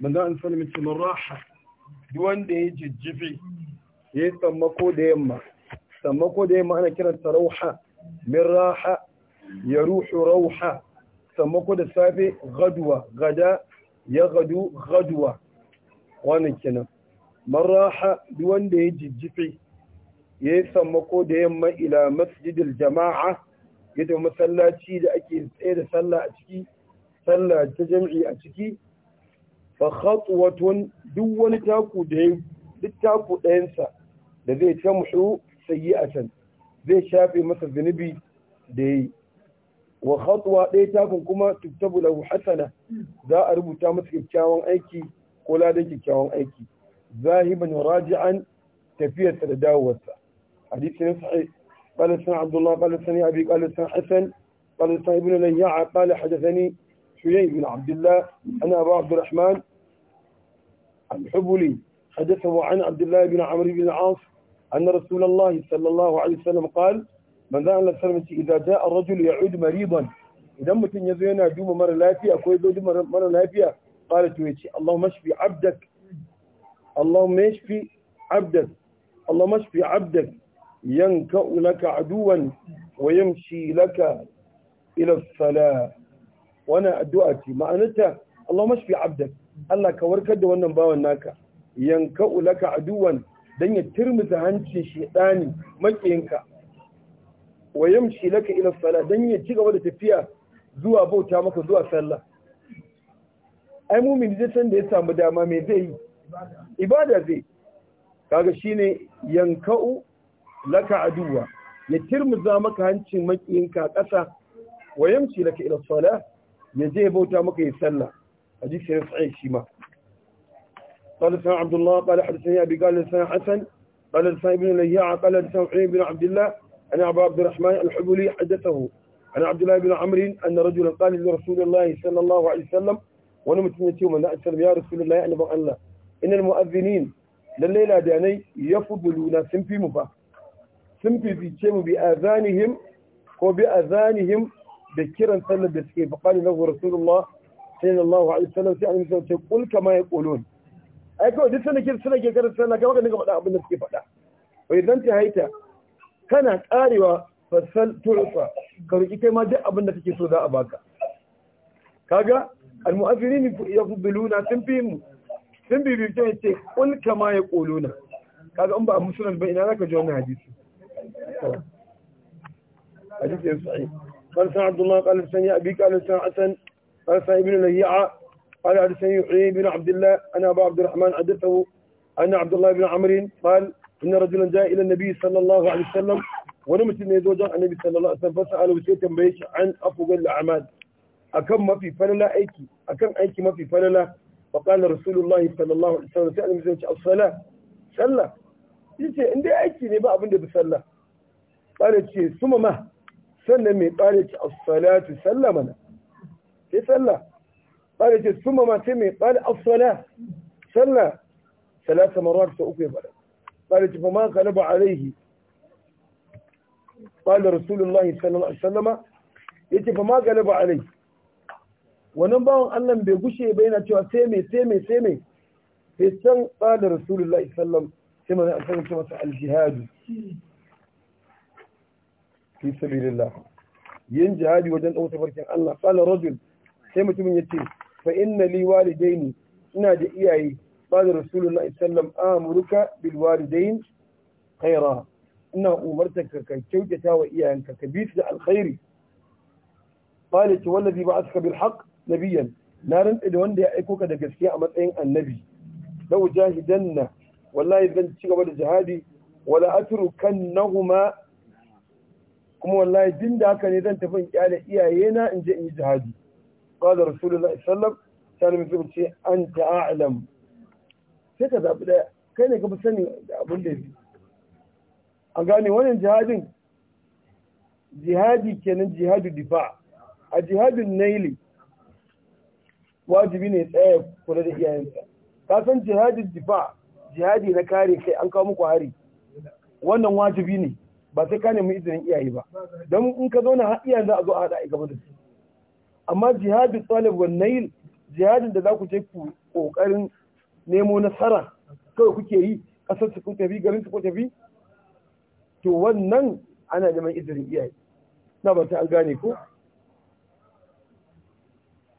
manzan an sani mace raha duk wanda ya jijjifi ya yi sammako da yamma sammako da yamma ana kiranta rauha min raha ya ruhu rauha sammako da safe gaduwa gada ya gadu gaduwa wani kenan man raha duk wanda ya jijjifi ya yi sammako da yamma ila masjidil jama'a yadda masallaci da ake tsaye da sallah a ciki sallah ta jam'i a ciki fa khatwatun duk wani taku da yayi duk taku ɗayansa da zai tamhu can zai shafe masa zunubi da yayi wa ɗaya takun kuma tuktabu da hasana za a rubuta masa kyakkyawan aiki ko ladan kyakkyawan aiki zahiban raji'an tafiyarsa da dawowarsa hadisi ne sahih قال سن عبد الله قال سن أبي قال سن حسن قال سن ابن ليعة قال حدثني شيء بن عبد الله أنا أبو عبد الرحمن الحبلي حدثه عن عبد الله بن عمرو بن العاص أن رسول الله صلى الله عليه وسلم قال من ذا الله سلم إذا جاء الرجل يعود مريضا إذا متن يزينا دوم مرة لافية أكو يزود مرة لافية قالت ويتي اللهم اشفي عبدك اللهم اشفي عبدك اللهم اشفي عبدك ينكأ لك عدوا ويمشي لك إلى الصلاة وأنا أدعتي معناتها اللهم اشفي عبدك Allah ka warkar da wannan bawan naka yanka ulaka aduwan dan ya turmuta hancin shedani makiyinka wa yamshi laka ila sala dan ya ci gaba da tafiya zuwa bauta maka zuwa sallah ai mumin zai san da ya samu dama me zai yi ibada zai kaga shine yanka'u laka aduwa ya tirmuza maka hancin makiyinka ƙasa wa yamshi laka ila sala ya je bauta maka ya sallah حديث رفعي شما قال لسان عبد الله قال حدثني أبي قال لسان حسن قال لسان ابن قال لسان عين بن عبد الله أنا عبد الرحمن الحبولي حدثه أنا عبد الله بن أن رجلا قال لرسول الله صلى الله عليه وسلم wani mutum ya ce manzo a ya rasulullahi annaban Allah innal mu'azzinin lalle ladanai yafduluna sun ko bi azanihim da kiran sallar da suke sallallahu alaihi wasallam sai annabi sai kul kama ya kolon. ai kawai duk sanake suna ke karin sallah kawai ka dinga faɗa abin da suke faɗa wa idan ta haita kana karewa fasal turfa ka roki kai ma duk abin da kake so za a baka kaga almu'azzirin yaqbiluna sun fi mu sun bi bibiyan ya ce kul kama ya quluna kaga in ba a musulun ba ina zaka ji wannan hadisi hadisi sai قال سعد الله قال abi أبي قال قال سعيد بن لهيعة قال حدثني يحيي بن عبد الله أنا أبا عبد الرحمن حدثه أن عبد الله بن عمرو قال إن رجلا جاء إلى النبي صلى الله عليه وسلم wani mutum ne zo jan annabi sallallahu alaihi wasallam fasa alu sai tambaye shi an afgal al'amal akan mafi falala aiki akan aiki mafi falala fa qala rasulullahi sallallahu alaihi wasallam sai annabi ce as-sala sallah yace in dai aiki ne ba abin da bi sallah ce suma ma sannan mai bare ce sai sallah قال يجي ثم ما سمي قال الصلاة صلى ثلاث مرات سأقوي بلد قال يجي فما غلب عليه قال رسول الله صلى الله عليه وسلم يجي فما غلب عليه wannan bawan Allah bai gushe ba yana cewa sai mai sai mai sai mai? sai san qala rasulullahi sallam sai manzo a sanin cewa al fi sabilillah yin jihadi wajen ɗaukar farkin Allah qala rajul sai mutumin ya ce fa inna li walidaini ina da iyaye bada rasulullahi sallam amurka bil walidain khaira ina umarta ka ka kyautata wa iyayenka ka bi su da alkhairi qala ta wallazi ba'athaka bil haqq nabiyyan na rantsa da wanda ya aiko ka da gaskiya a matsayin annabi law jahidanna wallahi zan ci gaba da jihadi wala atrukannahuma kuma wallahi din da haka ne zan tafi in kyale iyayena in je in yi jihadi قال رسول الله صلى الله عليه وسلم كان sai ka zabi daya kai ne ka fi sani da abin da yake a gane wannan jihadin jihadi kenan jihadu difa a jihadin naili wajibi ne tsaye kula da iyayensa ka san jihadin difa jihadi wannan wajibi ne ba sai ka nemi izinin iyaye ba don in ka zauna na za a zo a haɗa a gaban da su amma jihadu talib wal nail jihadin da zaku je ku kokarin nemo nasara kai kuke yi kasar ku tafi garin ku tafi to wannan ana neman izinin iyaye na ba ta an gane ko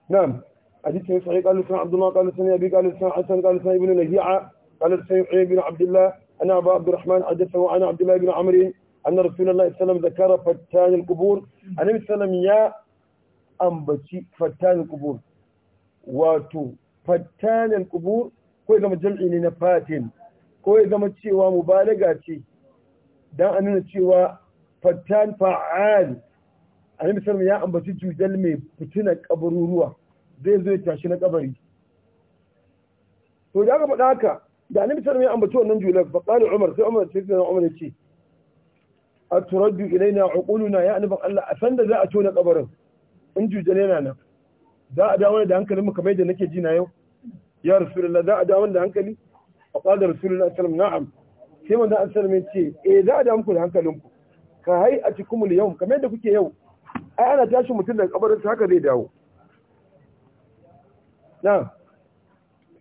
na'am حديث صحيح قال لسان عبد الله قال لسان أبي قال لسان حسن قال لسان ابن نجيعة قال لسان يحيى بن عبد الله أنا أبا عبد الرحمن حدثه أنا عبد الله بن عمرو أن رسول الله صلى الله عليه وسلم ذكر فتان القبور النبي صلى الله عليه وسلم يا ambaci fattanin kubur wato fattanin kubur ko zama jam'i ne na fatin ko zama cewa mubalaga ce don an nuna cewa fattan fa'al a yi misalin ya ambaci jujal mai fitina kabaruruwa zai zo ya tashi na kabari to da aka faɗa haka da annabi sallallahu ya ambaci wannan julal fa qala umar sai umar sai na umar yace aturaddu ilaina uquluna ya annabi Allah a san da za a tona kabarin in jujjal yana nan za a dawo da hankali mu kamar yadda nake ji na yau ya rasulullah za a dawo da hankali a qala rasulullah sallallahu na'am sai manzo an sallame ce eh za a dawo muku da hankalin ku ka hai a cikin mu yau kamar yadda kuke yau ai ana tashi mutum da kabarin sa haka zai dawo na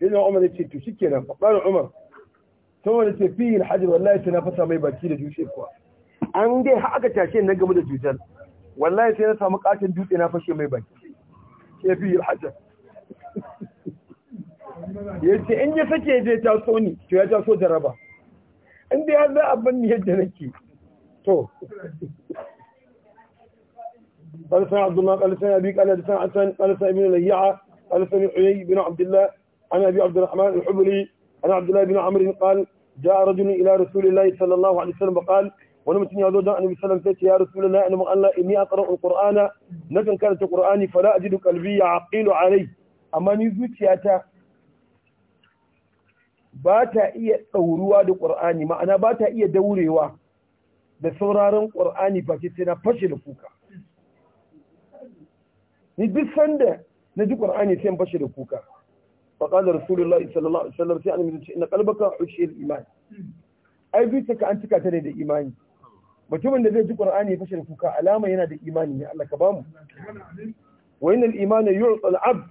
sai na umar ce to shikenan qala umar sai wani ce fi alhaji wallahi sai na fasa mai baki da jushe kuwa an dai haka tashi na game da jujjal wallahi sai na samu katin dutse na fashe mai baki ke fi hajjar ya كي in ya sake zai taso ni to ya taso jaraba inda ya za a yadda nake to قال سنة عبد الله قال سنة أبي قال سنة حسن قال سنة ابن ليعة قال سنة حيي بن عبد الله عن أبي عبد الرحمن الحبلي عن عبد الله بن عمرو قال جاء رجل إلى رسول الله صلى الله عليه وسلم وقال wani mutum ya zo don annabi sallallahu alaihi wasallam sai ya rasulullahi inna Allah inni aqra alqur'ana kan karanta qur'ani la ajidu qalbi yaqilu alai amma ni zuciyata ba ta iya tsauruwa da qur'ani ma'ana ba ta iya daurewa da sauraron qur'ani ba sai na fashe da kuka ni duk sanda na ji qur'ani sai fashe da kuka fa qala rasulullahi sallallahu alaihi wasallam sai annabi ya ce inna qalbaka ushil iman ai ka an cika ta ne da imani mutumin da zai ji qur'ani ya fashe da kuka alama yana da imani ne Allah ka ba mu wa innal imana yu'ta abd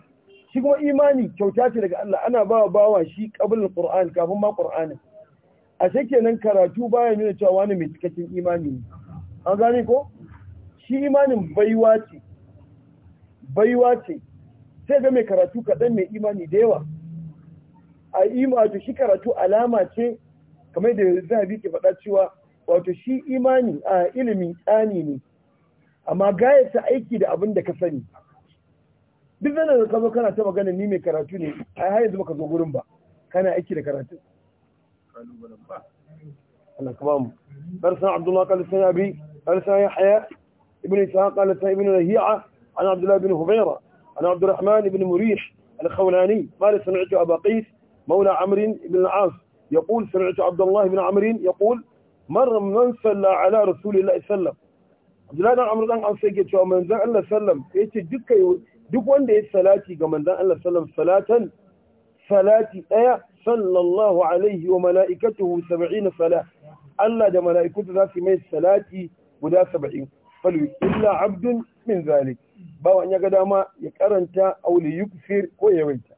shi kuma imani kyauta ce daga Allah ana ba bawa shi qabl al-qur'an kafin ma qur'ani a sai kenan karatu baya nuna cewa wani mai cikakken imani ne an gane ko shi imanin baiwa ce baiwa ce sai ga mai karatu kaɗan mai imani da yawa a imani shi karatu alama ce kamar da zahabi ke faɗa cewa wato shi imani a ilimi tsani ne amma gayata aiki da abin da ka sani duk zan da ka zo kana ta magana ni mai karatu ne ai har yanzu baka zo gurin ba kana aiki da karatu Allah ka mu bar san Abdullah qala san abi qala Yahya ibnu Ishaq qala san ibnu Rahi'a an abdullahi ibn Hubayra an Abdurrahman ibn Murih الخولاني قال سمعت أبا قيس مولى عمرو بن العاص يقول سمعت عبد الله بن عمرو يقول marar man salla ala rasulillahi sallam abdullahi dan an dan amsa yake cewa manzon Allah sallam yace duka duk wanda ya salati ga manzon Allah sallam salatan salati daya sallallahu alaihi wa mala'ikatuhu 70 salat Allah da mala'ikatu za su mai salati guda 70 falwi illa abdun min zalik ba wani ga dama ya karanta auli yukfir ko yawaita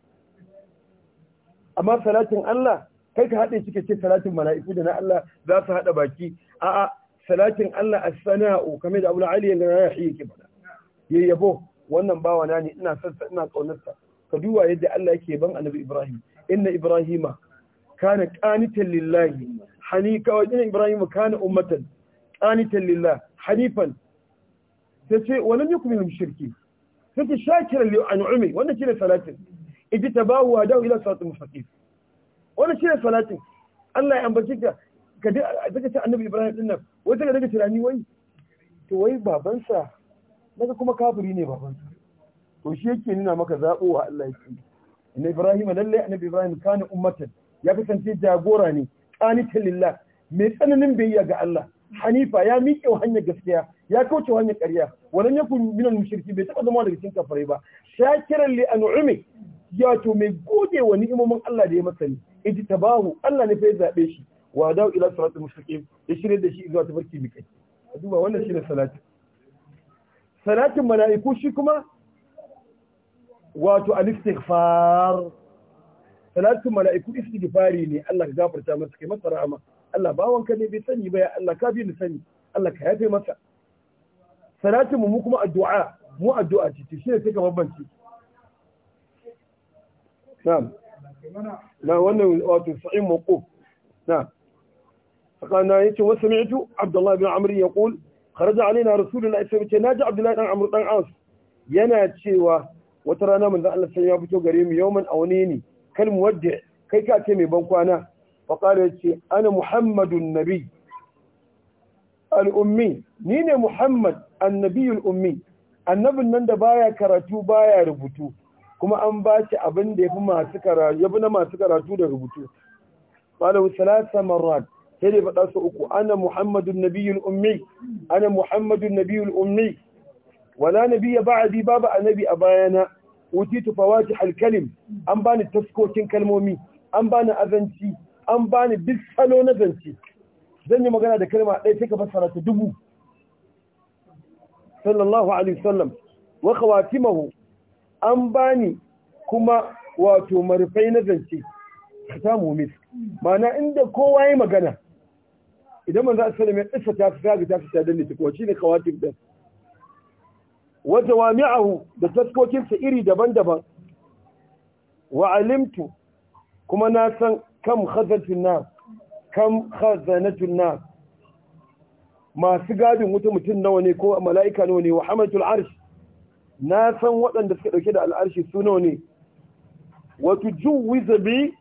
amma salatin Allah kai ka haɗe shi ce salatin mala'iku da na Allah za su haɗa baki a'a salatin Allah as-sana'u kamar da Abu Ali ya rahi yake faɗa ya yabo wannan bawa na ne ina son ina kaunarsa ka duba yadda Allah yake ban Annabi Ibrahim inna Ibrahima kana qanitan lillahi hanifa wa inna Ibrahima kana ummatan qanitan lillahi hanifan sai wa lam yakun minhum shirki sai shakiran li an'ami wannan shine salatin ijtabahu wa da'a ila siratal mustaqim wani shi ne salatin Allah ya ambaci ka ka ji a ce annabi Ibrahim din nan wai daga daga tirani wai to wai babansa daga kuma kafiri ne babansa to shi yake nuna maka zabowa Allah ya ce inna Ibrahim lalle annabi Ibrahim kana ummatan ya kasance jagora ne qanita lillah mai tsananin biyayya ga Allah hanifa ya miƙe wa hanyar gaskiya ya kauce hanyar ƙarya walan yakun minan mushriki bai taɓa zama daga cikin kafirai ba shakiran li an'ume ya to mai gode wa ni'imomin Allah da ya masa ni Iji ta bahu. Allah ne fa ya zabe shi wa da'u ila siratal mustaqim ya shirye da shi zuwa tafarki mai kai duba wannan shine salati salatin mala'iku shi kuma wato al-istighfar salatin mala'iku istighfari ne Allah ka gafarta masa kai masa rahama Allah bawanka ne bai sani ba ya Allah ka bi ni sani Allah ka yafe masa salatin mu kuma addu'a mu addu'a ce shi ne sai ka bambance na'am na wannan wato sa'in maqub na kana yace wa sami'tu abdullahi bin amr yaqul kharaja alaina rasulullahi sallallahu alaihi naji abdullahi dan amr dan as yana cewa wata rana manzo Allah sai ya fito gare mu yawman awani ne kal muwaddi kai ka ce mai ban kwana fa qala yace ana muhammadun nabi al-ummi ni ne muhammad annabiyul ummi annabin nan da baya karatu baya rubutu kuma an ba shi abin da ya fi masu karatu ya fi na masu karatu da rubutu malamu salasa marat sai dai faɗa su uku ana muhammadun Nabi ummi ana muhammadun nabiyul ummi wala nabiyya ba'di babu annabi a bayana utitu fawati alkalim an bani taskokin kalmomi an bani azanci an bani duk salo na zanci zan yi magana da kalma ɗaya sai ka fassara ta dubu sallallahu alaihi wasallam wa khawatimahu an bani kuma wato marufai na zance ka samu mis mana inda kowa ya magana idan manzo za alaihi wasallam mai tsafta ta ga ta fita da lita shi ne kawatin din wata wami'ahu da taskokinsa iri daban-daban wa alimtu kuma na san kam khazanatun na kam khazanatun na masu gadin wuta mutum nawa ne ko mala'ika nawa ne wa hamadul arsh na san waɗanda suka ɗauke da al'arshi suno ne wato jin wizabi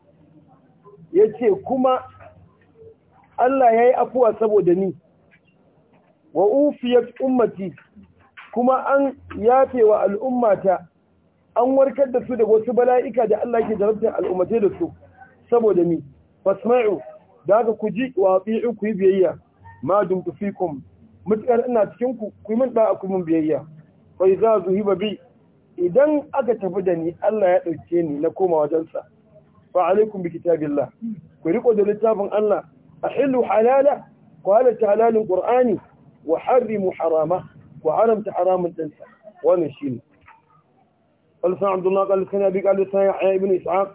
ya ce kuma Allah ya yi afuwa saboda ni wa ufiyat ummati kuma an yafe wa al'ummata an warkar da su da wasu bala'ika da Allah ke jarabtar al'ummata da su saboda ni fasma'u da haka ku ji wa ku yi biyayya ma dumtu fikum mutukar ina cikin ku ku yi min min biyayya wai za zuhiba bi idan aka tafi da ni Allah ya ɗauke ni na koma wajensa fa alaikum bi kitabillah ku riko da littafin Allah ahillu halala ku halatta halalin qur'ani wa harrimu harama ku haramta haramun dinsa wannan shine قال سيدنا عبد الله قال سيدنا أبي قال سيدنا يحيى بن إسحاق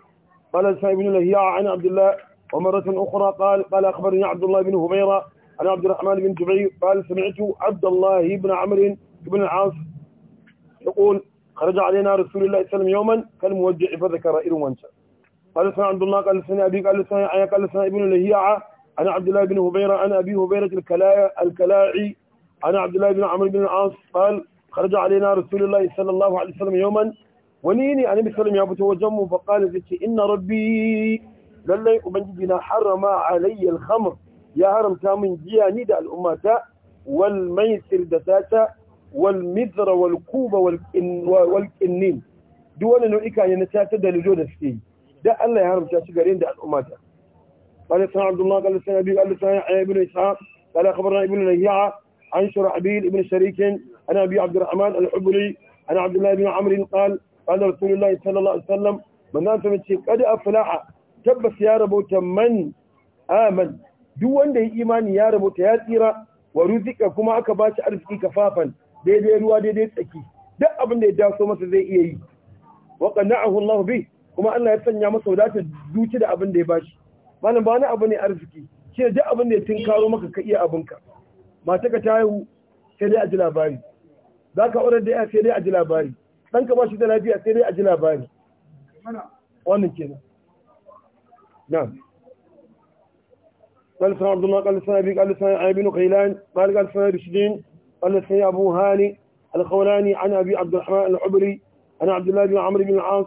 قال سيدنا ابن لهياع عن عبد الله ومرة أخرى قال قال أخبرني عبد الله بن هبيرة عن عبد الرحمن بن جبير قال سمعت عبد الله بن عمرو بن العاص يقول خرج علينا رسول الله صلى الله عليه وسلم يوما كالموجع فذكر إلو وانشا قال سنة عبد الله قال سنة أبي قال سنة عيا قال سنة ابن لهيعة أنا عبد الله بن هبيرة أنا أبي هبيرة الكلاعي أنا عبد الله بن عمرو بن العاص قال خرج علينا رسول الله صلى الله عليه وسلم يوما ونيني أنا بسلم يا وجمه فقال ذكي إن ربي للي أبنجدنا حرم علي الخمر يا هرم تامن جياني دا الأمة والميسر دساتا walmidra walkuba wal duk wannan nau'ika ne na tatar da lido da suke yi da Allah ya haramta shi gare da al'ummata قال سنا عبد duk wanda ya imani ya rubuta ya tsira wa ruzika kuma aka ba shi arziki kafafan daidai ruwa daidai tsaki duk abin da ya taso masa zai iya yi wa qanna'ahu Allah bi kuma Allah ya sanya masa wadata zuci da abin da ya bashi malam ba wani abu ne arziki shi ne duk abin da ya tinkaro maka ka iya ka mata ka tayu sai dai a ji labari zaka aurar da ya sai dai a ji labari ɗanka ba shi da lafiya sai dai a ji labari wannan kenan na'am قال سنة عبد الله قال سنة أبي قال سنة عابين وقيلان قال قال سنة بشدين قال لسني أبو هاني الخولاني عن أبي عبد الرحمن العبري عن عبد الله بن عمرو بن العاص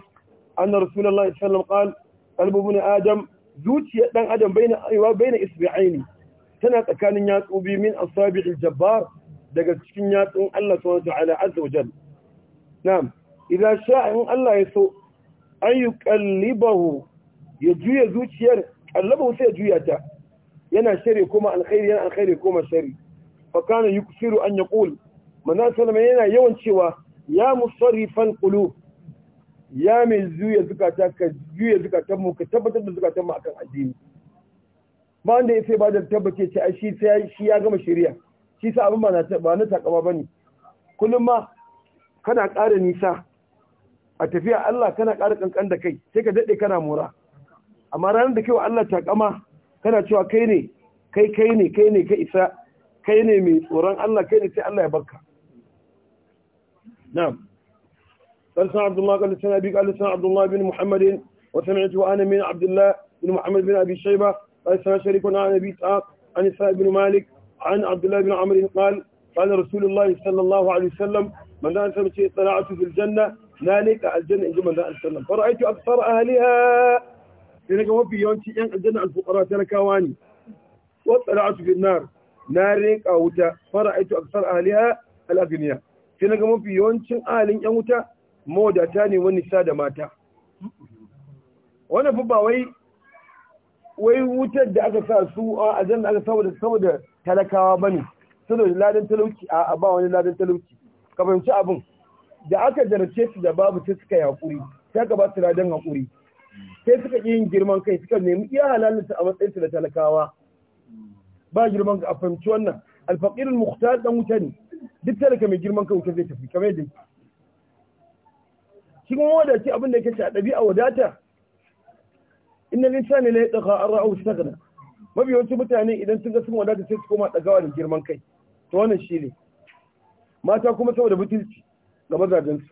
أن رسول الله صلى الله عليه وسلم قال قلب ابن آدم زوجي آدم بين بين إصبعين tana tsakanin yatsu biyu min asabi'il jabbar daga cikin yatsun Allah subhanahu ta'ala azza wajal na'am idan sha'a in Allah ya so an ya juya zuciyar qallabahu sai ya juya ta yana shari kuma alkhairi yana alkhairi kuma shari fakana yuksiru an yaqul manzo sallama yana yawan cewa ya musarifan qulub ya mai juya zukata ka zuya zukatan mu ka tabbatar da zukatan mu akan addini ba wanda ya sai ba da tabbace ce ai shi shi ya gama shari'a shi sa abin ba na ba takama kullum ma kana ƙara nisa a tafiya Allah kana ƙara kankan da kai sai ka daɗe kana mura amma ranar da kai wa Allah takama kana cewa kai ne kai kai ne kai ne ka isa كيني مي وران الله كيني تي الله يبارك نعم قال barka عبد الله قال سنة أبي قال سيدنا عبد الله بن محمد وسمعت أنا من عبد الله بن محمد بن أبي شيبة قال سيدنا شريك عن أبي إسحاق عن سعيد بن مالك عن عبد الله بن عمرو قال قال رسول الله صلى الله عليه وسلم من دان سمت شيء في الجنة ذلك الجنة إن من لا سلم فرأيت أكثر أهلها لأنك وفي يونتي الجنة الفقراء تركواني واطلعت في النار na rika wuta fara aitu kasar aliha al'agniya sai gama mafi yawancin ahalin yan wuta mawadata ne wani sa da mata wannan wai wai wutar da aka sa su a ajan da aka saboda saboda talakawa bane da ladan talauci a ba wani ladan talauci ka fahimci abin da aka jarace su da babu ta suka yi hakuri sai aka ba su ladan hakuri sai suka yin girman kai suka nemi iya halalinsu a matsayinsu da talakawa ba girman a fahimci wannan Alfaƙirin muhtar ɗan wuta ne duk talaka mai girman kai wuta zai tafi kamar yadda shi kuma wadace abin da yake ci a ɗabi'a wadata ne innal insani la yatqa ar-ra'u istaghna mafi yawanci mutane idan sun ga sun wadata sai su koma dagawa da girman kai to wannan shi ne mata kuma saboda mutunci ga mazajensu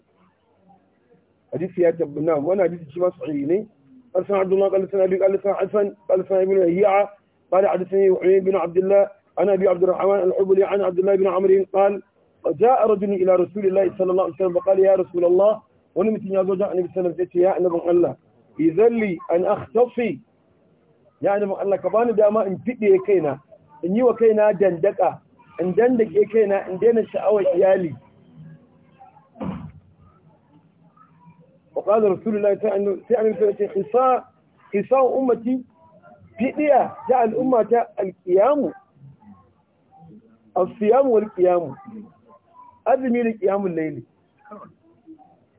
hadisi ya tabbana Wani hadisi shi ma sahihi ne arsan abdullah qala sana bi qala sana hasan qala sana ibnu hiya قال حدثني وحيي بن عبد الله عن أبي عبد الرحمن الحبلي عن عبد الله بن عمرو قال جاء رجل إلى رسول الله صلى الله عليه وسلم فقال يا رسول الله ونمت يا زوجة النبي صلى الله عليه وسلم يا نبي الله إذا لي أن أختصي يا نبي الله كبان داما إن فيدي كينا إن يو كينا دندكا إن دندك كينا إن دين الشعوة إيالي وقال رسول الله تعالى وسلم حصاء حصاء أمتي fidiya ta al'umma ta alƙiyamu asiyamu wal ƙiyamu azumi da ƙiyamun laili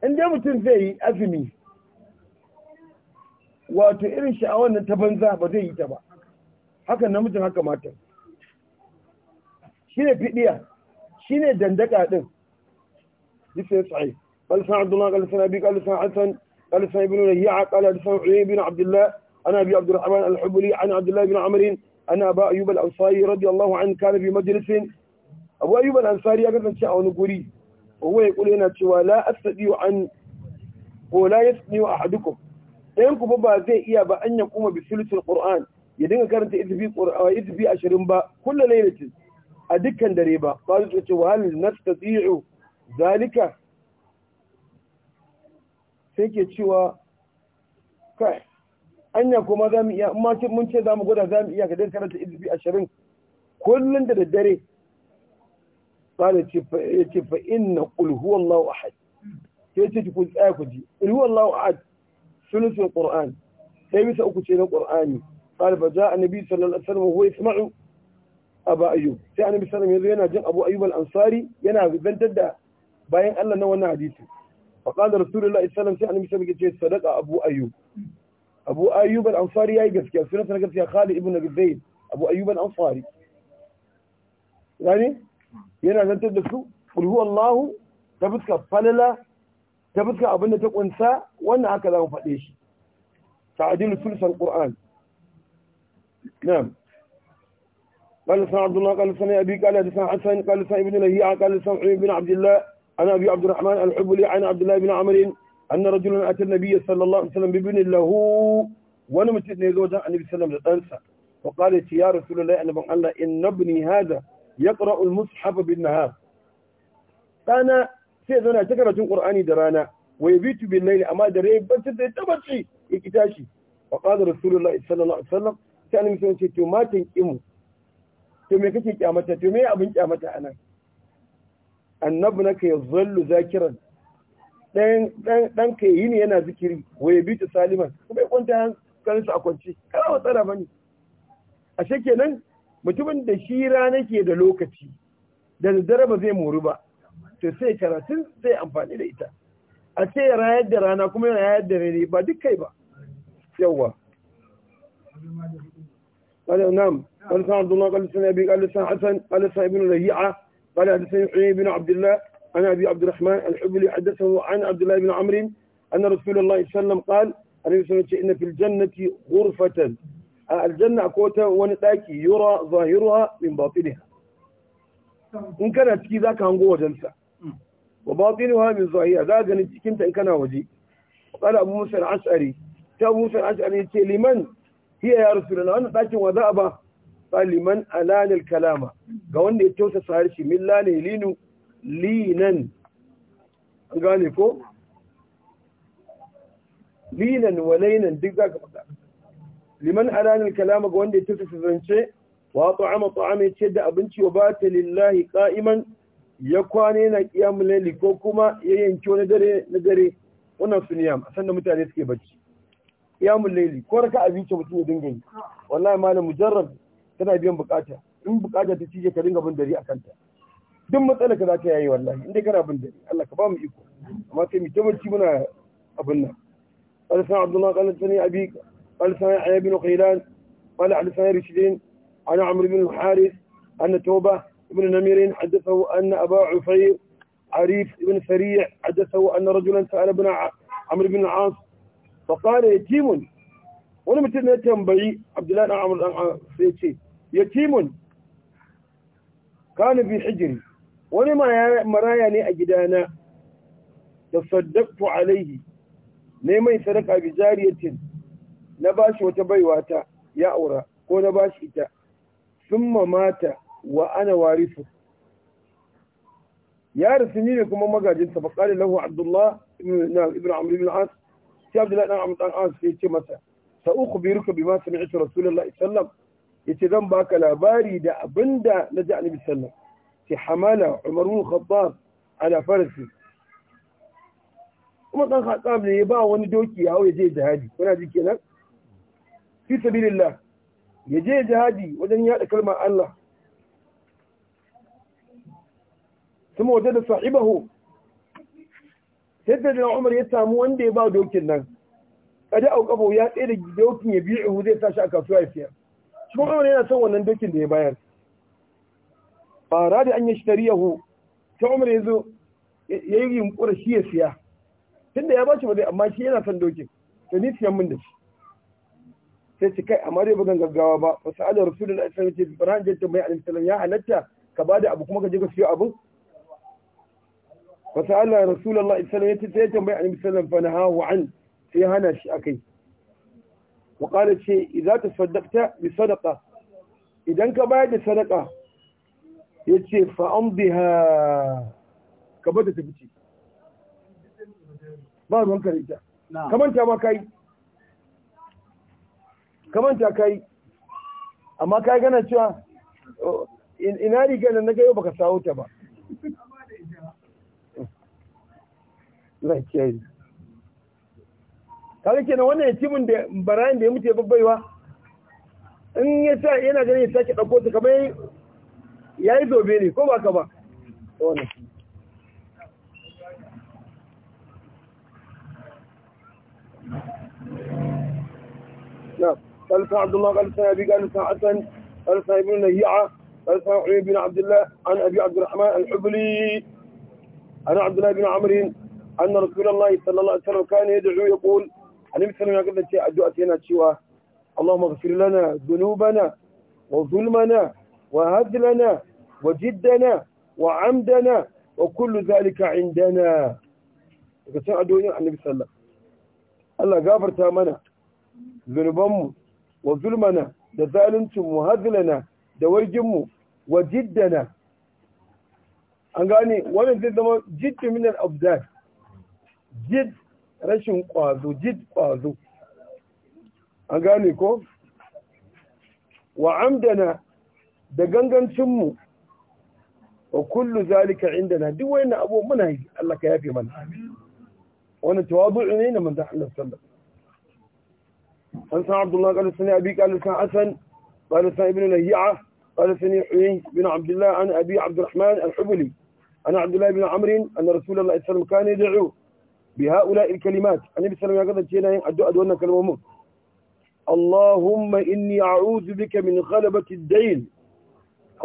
in mutum zai yi azumi wato irin sha'awar na ta banza ba zai yi ta ba haka namijin haka matan shine fidiya ne dandaka din bisa sai قال سعد الله قال سنبي قال سعد حسن قال سعد بن رهيعة قال سعد بن عبد الله عن أبي عبد الرحمن الحبلي عن عبد الله بن عمر أن أبا أيوب الأنصاري رضي الله عنه كان في مجلس أبو أيوب الأنصاري يقول أن شاء ونقولي وهو يقول هنا شوى لا أستطيع أن ولا يستطيع أحدكم ɗayanku ba ba zai iya ba an ya kuma bi sulusul Qur'an ya dinga karanta izbi izbi 20 ba kullu lailatin a dukkan dare ba ba zai ce wa hal nastati'u zalika sai ke cewa kai anya kuma za mu iya amma mun ce za mu gwada za mu iya ka dai karanta izifi ashirin kullum da daddare kala ya ce fa inna qul huwallahu ahad sai ce ku tsaya ku ji qul huwallahu ahad sulusul qur'an sai bisa uku ce na qur'ani ba za a nabi sallallahu alaihi wasallam huwa yasma'u aba ayyub sai annabi sallallahu alaihi wasallam yana jin abu ayyub al-ansari yana zantar da bayan Allah na wannan hadisi fa qala rasulullahi sallallahu alaihi wasallam sai annabi sallallahu alaihi wasallam ya ce sadaqa abu ayyub abu ayyuban al-ansari yayi gaskiya na sa gaskiya khali ibn Abi abu ayyuban ansari gane yana zantar da su ulhu Allahu ta fuska falala ta fuska abin da ta kunsa wannan haka za mu faɗe shi ta'dilu sulsan Qur'an na'am قال لسان عبد الله قال لسان أبي قال لسان حسن قال لسان ابن لهيعة قال لسان عبد الله عبد الرحمن عن عبد الله بن أن رجل أتى النبي صلى الله عليه وسلم بابن له ونمتد نيزوجا النبي صلى الله عليه وسلم لأنسى وقال يا رسول الله أنا بقول الله إن ابني هذا يقرأ المصحف بالنهار أنا سيدنا تقرأ القرآن درانا ويبيت بالليل أما دري بس تبصي إكتاشي وقال رسول الله صلى الله عليه وسلم كان مثل شيء ما تنكمه to me kake kyamata to me abin kyamata anan annabnaka yazallu zakiran ɗan ka yi ne yana zikiri wa ya ta saliman kuma ya kwanta karinsa a kwanci kana wa da bane a nan, mutumin da shi rana ke da lokaci da daddare ba zai moru ba to sai karatun sai amfani da ita a ce ya rayar da rana kuma yana rayar da rana ba duk kai ba yawwa قال نعم قال سعد الله قال سنة أبي قال سنة حسن قال سنة ابن رهيعة قال سنة بن عبد الله عن أبي عبد الرحمن الحبلي حدثه عن عبد الله بن عمرو أن رسول الله صلى الله عليه وسلم قال عليه وسلم إن في الجنة غرفة الجنة أكوتا ونتاكي يرى ظاهرها من باطنها إن كانت كي ذاك هنقوة جلسة وباطنها من ظاهرها ذاك نتكنت إن كان وجي وقال أبو موسى العشعري تا أبو موسى العشعري لمن هي يا رسول الله أنا تاكي وذأبه قال لمن ألان الكلام قوان يتوسى صهرشي من لا نهلينه linan an gane ko linan walainan duk za ka faɗa liman halanin kalama ga wanda ya tafi zance wa ta'ama ta'ama ya ce da abinci wa bata lillahi qa'iman ya kwane na qiyamul Laili, ko kuma ya yanki wani dare na dare wannan suniyam a sanda mutane suke bacci qiyamul Laili, ko raka abinci mutum ya dinga yi wallahi malam mujarrab tana biyan bukata in bukata ta cije ka dinga bin dare a kanta. duk matsalaka za ka yayi wallahi inda kana bin dare Allah ka ba mu iko amma sai mu tabbaci muna abin nan قال سمع عبد الله قال سمع أبي قال سمع يحيى بن قيلان قال حدثنا رشدين عن عمرو بن الحارث أن توبة بن نمير حدثه أن أبا عفير عريف بن سريع حدثه أن رجلا سأل ابن عمرو بن العاص فقال يتيم ولم تنبئي عبد الله بن عمرو بن العاص يتيم كان في حجري wani maraya ne a gidana da saddaktu alaihi ne mai sadaka bi jariyatin na bashi wata baiwa ta ya aura ko na bashi ita sun mamata wa ana warisu ya rasu ne kuma magajinsa ba kare lahu abdullah ibn amr ibn as sai abdullah dan amr dan as sai ce masa sa ukhbiruka bima sami'tu rasulullahi sallallahu alaihi wasallam yace zan baka labari da abinda naji annabi sallallahu ce hamala umar bin khattab ala kuma dan khattab ne ya ba wani doki ya ya je jihadi kuna ji kenan fi sabilillah ya je jihadi wajen yada kalmar Allah kuma wajen da sahibahu sai da Umar ya samu wanda ya ba dokin nan kada au kabo ya tsaye da dokin ya bi'u zai tashi a kasuwa ya siya shi Umar yana son wannan dokin da ya bayar fara da an yi shari'ahu ta umar yanzu ya yi yunkura shi ya siya tunda ya bashi dai, amma shi yana son dokin to ni siyan min da shi sai ce kai amma dai bugan gaggawa ba wasu ala rasulullahi sallallahu alaihi wasallam ce ran janta mai alaihi salam ya halatta ka ba da abu kuma ka je ka siyo abin wasu ala rasulullahi sallallahu alaihi wasallam ya tambayi alaihi salam fa nahahu an sai hana shi akai wa qala ce idza tasaddaqta bi sadaqa idan ka bayar da sadaqa ya ce fa'an biha kamar da tafi ce ba ruwan karita kamanta ma kayi kamanta kai amma kai gana cewa ina riga da na gayo baka sawo ta ba lafiyayi kaga kenan wannan yatimin da barayin da ya mutu ya babbaiwa in ya sa yana ganin ya sake ɗauko ta kamar ya yi ne ko ba ka ba wani نعم قال عبد الله قال سنة قال سنة قال سنة ابن نهيعة قال سنة بن عبد الله عن أبي عبد الرحمن الحبلي عن عبد الله بن عمرو أن رسول الله صلى الله عليه وسلم كان يدعو يقول النبي صلى الله عليه وسلم يقول أدعتنا تشوى اللهم اغفر لنا ذنوبنا وظلمنا لنا وجدنا وعمدنا وكل ذلك عندنا كتن أدوين النبي صلى الله عليه وسلم Allah gafarta mana zunubanmu wa zulmana da zaluncinmu hazlana da warginmu wa jiddana an gane wannan zai zama jiddu min al-abdan jid rashin kwazo jid kwazo an gane ko wa amdana da gangancinmu وكل ذلك عندنا دوين أبو منهي الله كافي منهي وانا ka من mana wannan tawadu'u ne na manzon Allah sallallahu عبد الله قال سنة أبي قال سنة حسن قال سنة ابن نهيعة قال سنة حيين بن عبد الله عن أبي عبد الرحمن الحبلي أنا عبد الله بن عمر أن رسول الله صلى الله عليه وسلم كان يدعو بهؤلاء الكلمات النبي صلى الله عليه وسلم يقول أدعو أدعو أنك اللهم إني أعوذ بك من غلبة الدين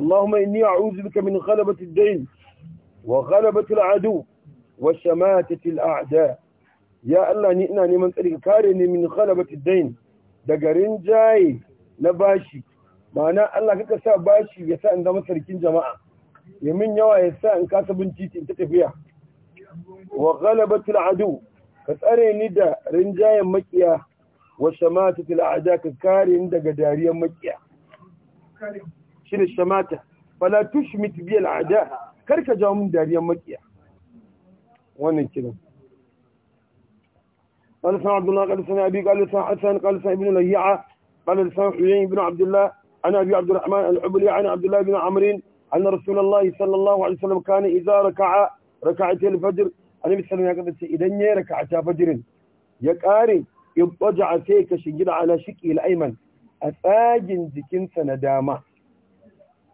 اللهم إني أعوذ بك من غلبة الدين وغلبة العدو وشماتة الأعداء يا الله نئنا نمن تلك كارني من غلبة الدين دقرين جاي نباشي ma'ana Allah kaka sa bashi ya sa in zama sarkin jama'a ya min yawa ya sa in kasa min titi ta tafiya wa ghalabatul ka tsare ni da rinjayen makiya wa shamatatul a'da ka kare ni daga dariyan makiya shine shamata fala tushmit bi al'ada karka jawo mun dariyan makiya wannan kiran قال سمع عبد الله قال سمع أبي قال سمع حسن قال سمع ابن لهيعة قال سمع حيين بن عبد الله أنا أبي عبد الرحمن العبلي عن عبد الله بن عمرو أن رسول الله صلى الله عليه وسلم كان إذا ركع ركعتي الفجر النبي صلى الله عليه وسلم إذا ركعتا فجر يقاري يضجع سيك شجر على شكي الأيمن أساجن ذكين سندامة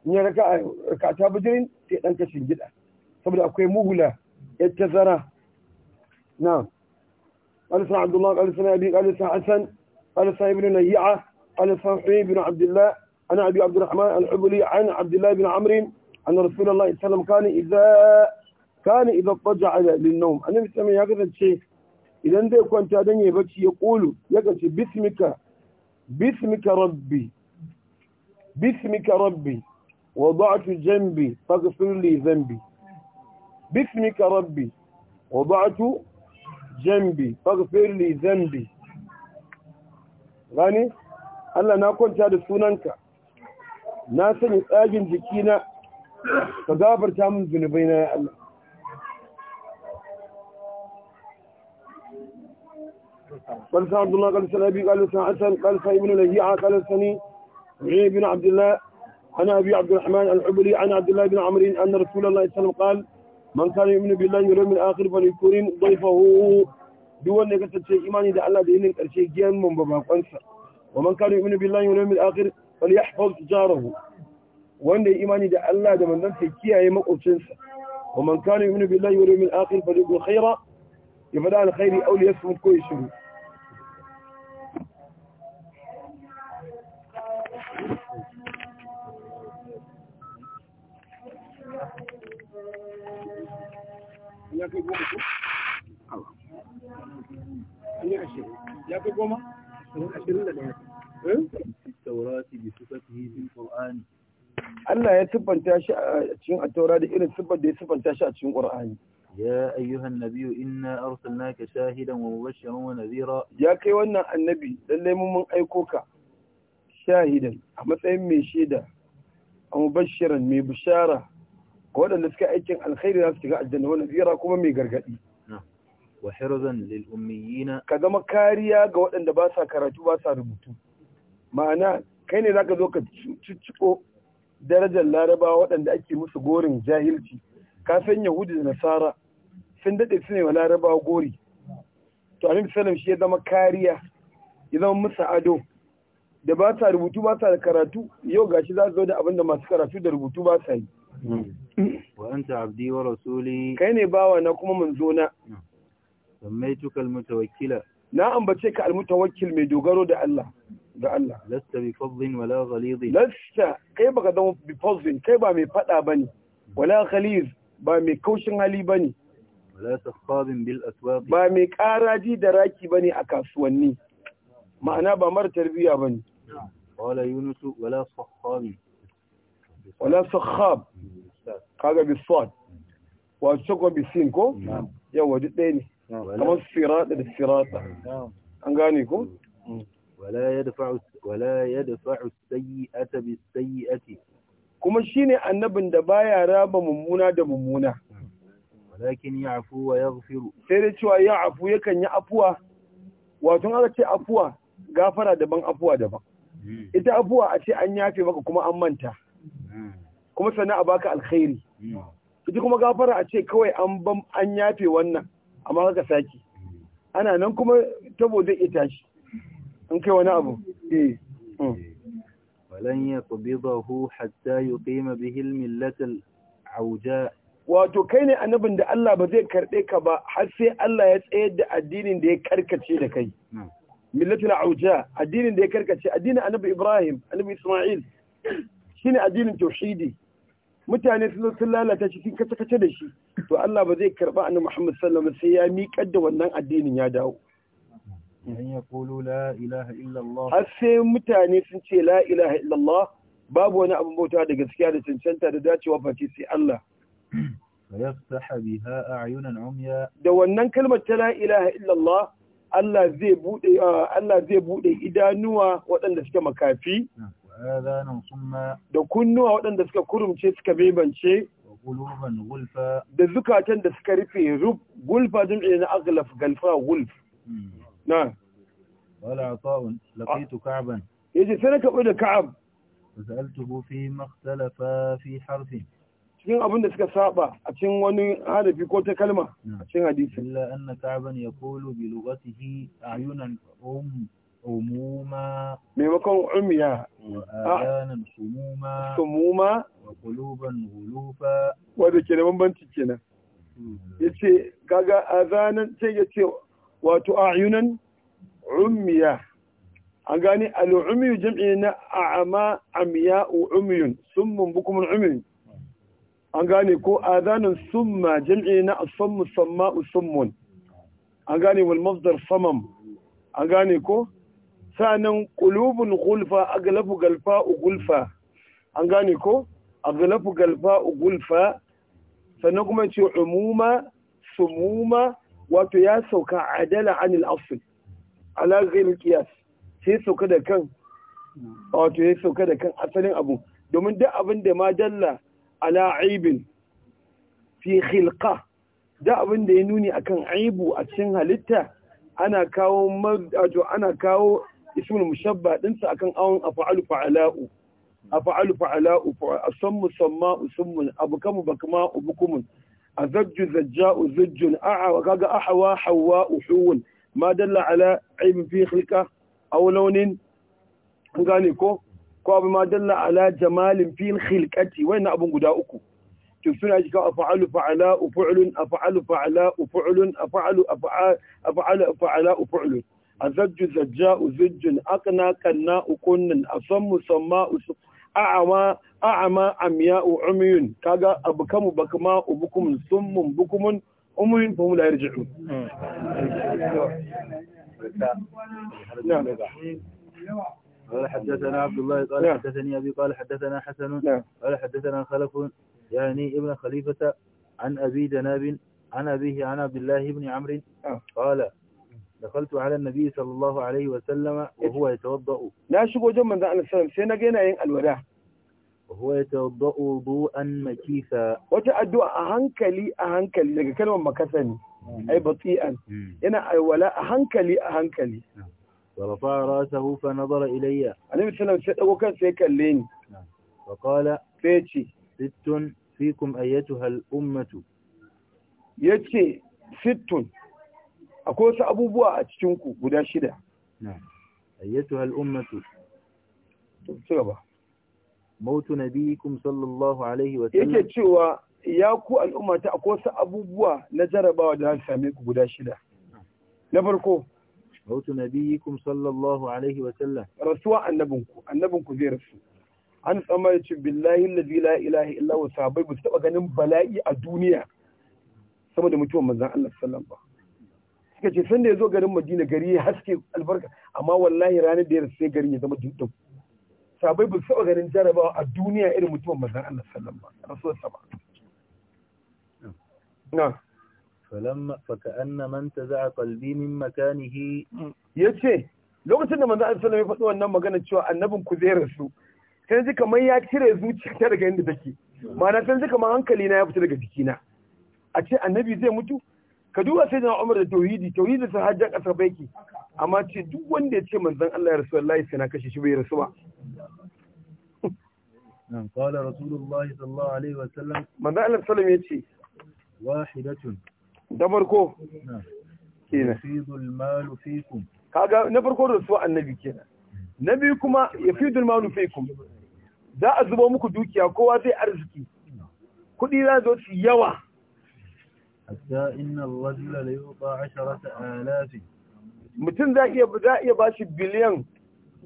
in yi raka ta bijirin ta yi ɗanka shi gida saboda akwai muhula ya zara na alisa abdullahi alisa na abin alisa hassan alisa ibn nayi'a alisa hui ana abin abdullahi al'ubuli an abdullahi ibn amrin an rasulallah isalam kani idza kani idza tsaja ala linnom an nabi sami ya kasance idan zai kwanta don yi bacci ya kulu ya kasance bismika bismika rabbi bismika rabbi وضعت جنبي فاغفر لي ذنبي باسمك ربي وضعت جنبي فاغفر لي ذنبي غني الله na كنت da سننك na sanya tsagin jikina ka gafarta min zunubai na ya Allah قال سعد الله قال سنة أبي قال سنة حسن قال سعد ابن لهيعة قال سنة عبد الله عن أبي عبد الرحمن العبلي عن عبد الله بن عمرو أن رسول الله صلى الله عليه وسلم قال من كان يؤمن بالله واليوم الآخر فليكرم ضيفه دون نكتة إيماني ده الله دينك أرشي جيان من بابا قنصر ومن كان يؤمن بالله واليوم الآخر فليحفظ جاره وأن إيماني ده الله ده من ذنبه كيا يمقل سنسا ومن كان يؤمن بالله واليوم الآخر فليكن خيرا يفدع الخير أو ليسمد كويسه ya kai goma ko an ya kai goma ashirin da ɗaya eh? Allah ya siffanta shi a cikin attaura da irin siffar da ya siffanta shi a cikin Qur'ani ya ayyuhan nabiyyu inna arsalnaka shahidan wa mubashiran wa nadhira ya kai wannan annabi lalle mun mun aiko ka shahidan a matsayin mai shaida a mubashiran mai bishara waɗanda suka aikin alkhairi za su shiga aljanna wani zira kuma mai gargaɗi wa hirzan lil ummiyina ka zama kariya ga waɗanda ba sa karatu ba sa rubutu ma'ana kai ne zaka zo ka cicciko darajar larabawa waɗanda ake musu gorin jahilci ka san yahudi da nasara sun daɗe su ne wa larabawa gori to alim salam shi ya zama kariya ya zama musu ado da ba sa rubutu ba sa da karatu yau gashi za su zo da abin da masu karatu da rubutu ba sa yi hmm. wa anta abdi wa rasuli kai ne bawa na kuma manzo na sammaituka almutawakkila na ambace ka almutawakkil mai dogaro da Allah ga Allah lasta bi fadlin wala ghalid lasta kai baka zama bi fadlin kai ba mai fada bane wala ghalid ba mai kaushin hali bane wala sakhadin bil aswaq ba mai karaji da raki bane a kasuwanni ma'ana ba mara tarbiya bane wala yunus wala sakhab wala sakhab kaga bi sword wato soko bi sin ko yawa duk ɗaya ne kamar sirata da sirata an gane ko ولا يدفع ata يدفع السيئة بالسيئة kuma shine annabin da baya raba mummuna da mummuna walakin ya'fu wa yaghfiru sai da cewa ya'fu yakan yi afuwa wato aka ce afuwa gafara daban afuwa daban mm. ita afuwa a ce an yafe maka kuma an manta mm. kuma sannan a baka alkhairi ita kuma gafara a ce kawai an ban an yafe wannan amma haka saki ana nan kuma tabo zai ita shi an kai wani abu walan eh. hmm. hu hatta yuqima bihi al-millat al-awja wato kai ne annabin da Allah ba zai karbe ka ba har sai Allah ya tsayar da addinin da ya karkace da kai hmm. millatul auja addinin da ya karkace addinin annabi Ibrahim annabi Isma'il shine addinin tauhidi mutane sun sun lalata shi sun kace kace da shi to Allah ba zai karba annabi Muhammad sallallahu alaihi wasallam sai ya miƙar da wannan addinin ya dawo yan Kulu, la ilaha illa Allah har sai mutane sun ce la ilaha illa Allah babu wani abin bauta da gaskiya da cancanta da dacewa face sai Allah yaftaha biha a'yunan umya da wannan kalmar ta la ilaha illa Allah Allah zai bude Allah zai bude idanuwa waɗanda suke makafi da kunnuwa waɗanda suka kurumce suka bebance da zukatan da suka rufe rub gulfa jim'i na aglaf galfa gulf hmm. na wala ta'un laqitu ka'ban yaji sai na kabu da ka'ab sa'altuhu fi makhtalafa fi harfin cikin abin da suka saba a cikin wani harafi ko ta kalma hmm. a cikin hadisi illa anna ka'ban yaqulu bi lughatihi ayunan um humuma maimakon umiya humuma ah. humuma wa quluban hulufa wanda ke da bambanci kenan hmm. yace kaga azanan sai yace wato ayunan umiya an gani al'umiyu jam'i na a'ama amiya umiyun summun bukumun umiyun an gane ko azanin summa jam'i na asammu samma'u summun an gane wal masdar samam an gane ko sanan qulubun gulfa aglabu galfa u gulfa an gane ko aglabu galfa u gulfa sannan kuma ce umuma sumuma wato ya sauka adala anil asl ala ghairil qiyas sai sauka da kan wato ya sauka da kan asalin abu domin duk abin da ma dalla ala aibin fi khilqa da abin da ya nuni akan aibu a cikin halitta ana kawo ana kawo ismul mushabba dinsa akan awon afa'alu fa'ala'u afa'alu fa'ala'u asammu samma'u summun abukamu bakma bukumun azajju zajja'u zujjun a'a wa kaga ahawa hawa'u huwun ma dalla ala aibin fi khilqa aw launin gane ko ko abu ma dalla ala jamalin fi khilqati wannan abun guda uku to suna ji ka afa'alu fa'ala'u fu'lun afa'alu fa'ala'u fu'lun afa'alu afa'alu fa'ala'u fu'lun أزج زجاء زج أقنا كناء كن أصم صماء أعمى أعمى عمياء عمي كذا أبكم بكما بكم سم بكم أمي فهم لا يرجعون نعم قال حدثنا عبد الله قال نعم. حدثني أبي قال حدثنا حسن نعم. قال حدثنا خلف يعني ابن خليفة عن أبي دناب عن أبيه عن عبد الله بن عمرو نعم. قال دخلت على النبي صلى الله عليه وسلم وهو يتوضأ لا شكو جم من ذلك السلام سينا جينا ين الوداع وهو يتوضأ وضوءا مكيثا وتأدو أهنكلي أهنكلي لك كلمة مكثني أي بطيئا هنا ولا أهنكلي أهنكلي نعم. ورفع رأسه فنظر إلي النبي صلى الله عليه وسلم وكان سيكليني نعم. فقال فيتشي ست فيكم أيتها الأمة يتشي ست akwai wasu abubuwa a cikin ku guda shida Ayyatu al'ummatu. al gaba. Mautu na biyu mautu sallallahu alaihi wa sallam yake cewa ya ku al'umma ta akwai wasu abubuwa na jarabawa da za same ku guda shida na farko mautu na biyu nabiyikum sallallahu alaihi wa sallam rasuwa annabinku annabinku zai rasu an tsammanin cin billahi allazi la ilaha illa huwa sahabbai ba su taba ganin bala'i a duniya saboda mutuwan manzon Allah sallallahu sallam ba suka ce sanda ya zo garin madina gari ya haske albarka amma wallahi ranar da ya rasu sai garin ya zama dindin sabai ba su ganin jarabawa a duniya irin mutumin manzan Allah sallama alaihi wasallam na falamma fa ka'anna man a qalbi min makanihi ce lokacin da manzan Allah sallallahu ya faɗi wannan magana cewa annabin ku zai rasu sai ji kamar ya cire zuciya daga inda take ma'ana sai ji kamar hankali na ya fita daga jikina a ce annabi zai mutu ka duba sai jama'a umar da tauhidi tauhidi sun hajja ƙasa baiki amma ce duk wanda ya ce manzon Allah ya rasu wallahi sai na kashe shi bai rasu ba nan qala rasulullahi sallallahu alaihi wa sallam manzon Allah sallallahu ya ce wahidatun da farko kaga na farko rasu annabi kenan na biyu kuma yafidul malu fikum za a zubo muku dukiya kowa zai arziki kuɗi za zo su yawa حتى إن الرجل ليوطى عشرة آلاف متن mutum za iya za iya bashi biliyan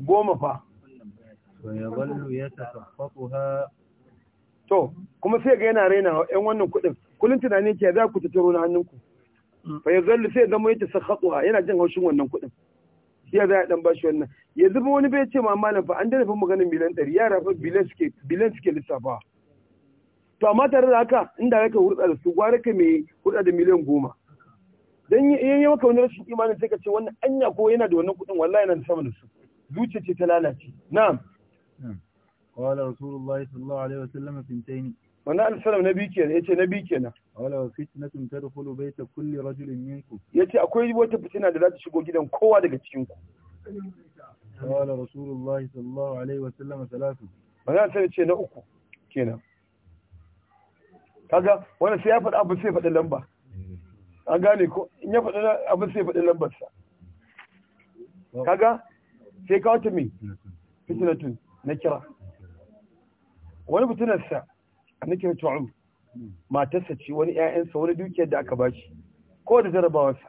goma fa wa yadhallu yatasaffatuha to kuma sai ga yana raina ƴan wannan kuɗin kullun tunani ke za ku tattaro na hannunku fa yadhallu ta yana jin haushin kuɗin ya za a dan bashi wannan yanzu ba wani bai ce ma malam fa an da magana maganin biliyan ɗari yara fa suke biliyan suke lissafa to amma tare da haka inda yake hurɗa da su gwara ka mai hurɗa da miliyan goma dan yayin yi maka wani rashin imanin sai ka ce wannan anya ko yana da wannan kuɗin wallahi yana da sama da su zuciya ce ta lalace Na na'am qala rasulullahi sallallahu alaihi wa sallama wasallam fintaini wannan alisalam na biyu kenan ce na biyu kenan na wala Kulu bai ta kulle rajulin Ya ce akwai wata fitina da za ta shigo gidan kowa daga cikin ku qala rasulullahi sallallahu alaihi wa sallama salatu wannan sai ce na uku kenan kaga wani sai ya faɗi abin sai faɗi lamba an gane ko in ya faɗi abin sai faɗi lambar sa kaga sai ka wata mai fitinatun na kira wani fitinar a na kira tu'u matarsa ce wani ƴaƴansa wani dukiyar da aka bashi ko da jarabawarsa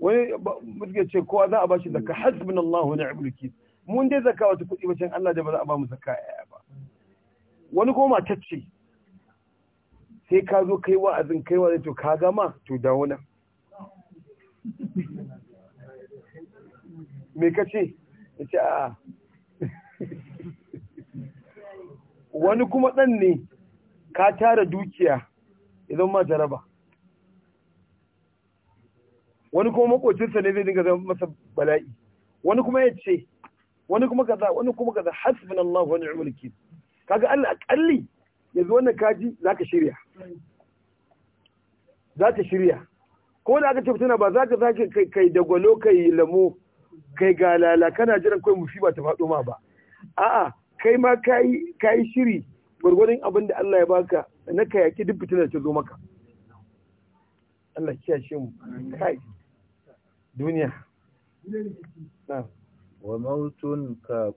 wani muke ce kowa za a bashi zaka hasbin Allah wani abulki mun dai zaka wata kuɗi bacin Allah da ba za a ba mu zaka ba wani ko matacce. sai ka zo kai wa'azin kai wa to ka gama to dawo me ka ce ce a wani kuma ɗan ne ka tara dukiya idan ma jaraba wani kuma makocinsa ne zai dinga zama masa bala'i wani kuma ya ce wani kuma kaza wani kuma kaza hasbin Allah wani ni'mal wakil kaga Allah akalli yanzu wannan kaji za ka shirya za ka shirya ko da aka ce fitina ba za ka zaki kai dagwalo kai lamo kai galala kana jiran kai musiba ta faɗo ma ba a'a kai ma ka yi shiri gwargwadon abin da Allah ya baka na ka yaki duk da ta zo maka Allah ya shi mu kai duniya wa mautun ka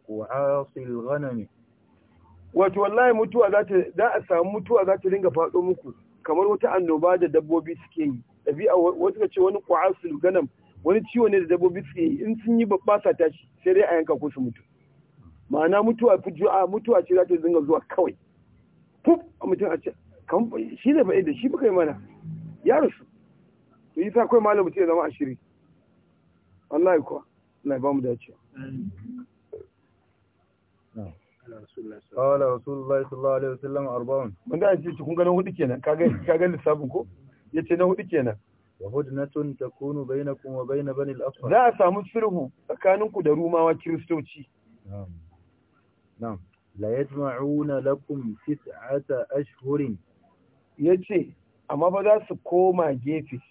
wato wallahi mutuwa za ta za a samu mutuwa za ta ringa faɗo muku kamar wata annoba da dabbobi suke yi ɗabi'a wata ce wani su ganam wani ciwo ne da dabbobi suke yi in sun yi babba sa tashi sai dai a yanka ko su mutu ma'ana mutuwa fi ju'a mutuwa ce za ta dinga zuwa kawai fuf a mutum a ce shi ne da shi muka yi mana ya rasu to yi sa kawai malam mutum ya zama shiri wallahi kuwa Allah ya ba mu dacewa. Kawala Rasulullah sallallahu Alaihi wasallam arba'un. Mun ga ce kun ganin hudu kenan, ka ga lissafin ko? Ya ce na hudu kenan. Wa hudnatun takunu bainakum wa bain bani al-asfar. Za a samu sulhu tsakaninku da Rumawa Kiristoci. Na'am. La yajma'una lakum tis'ata ashhurin. Yace amma ba za su koma gefe.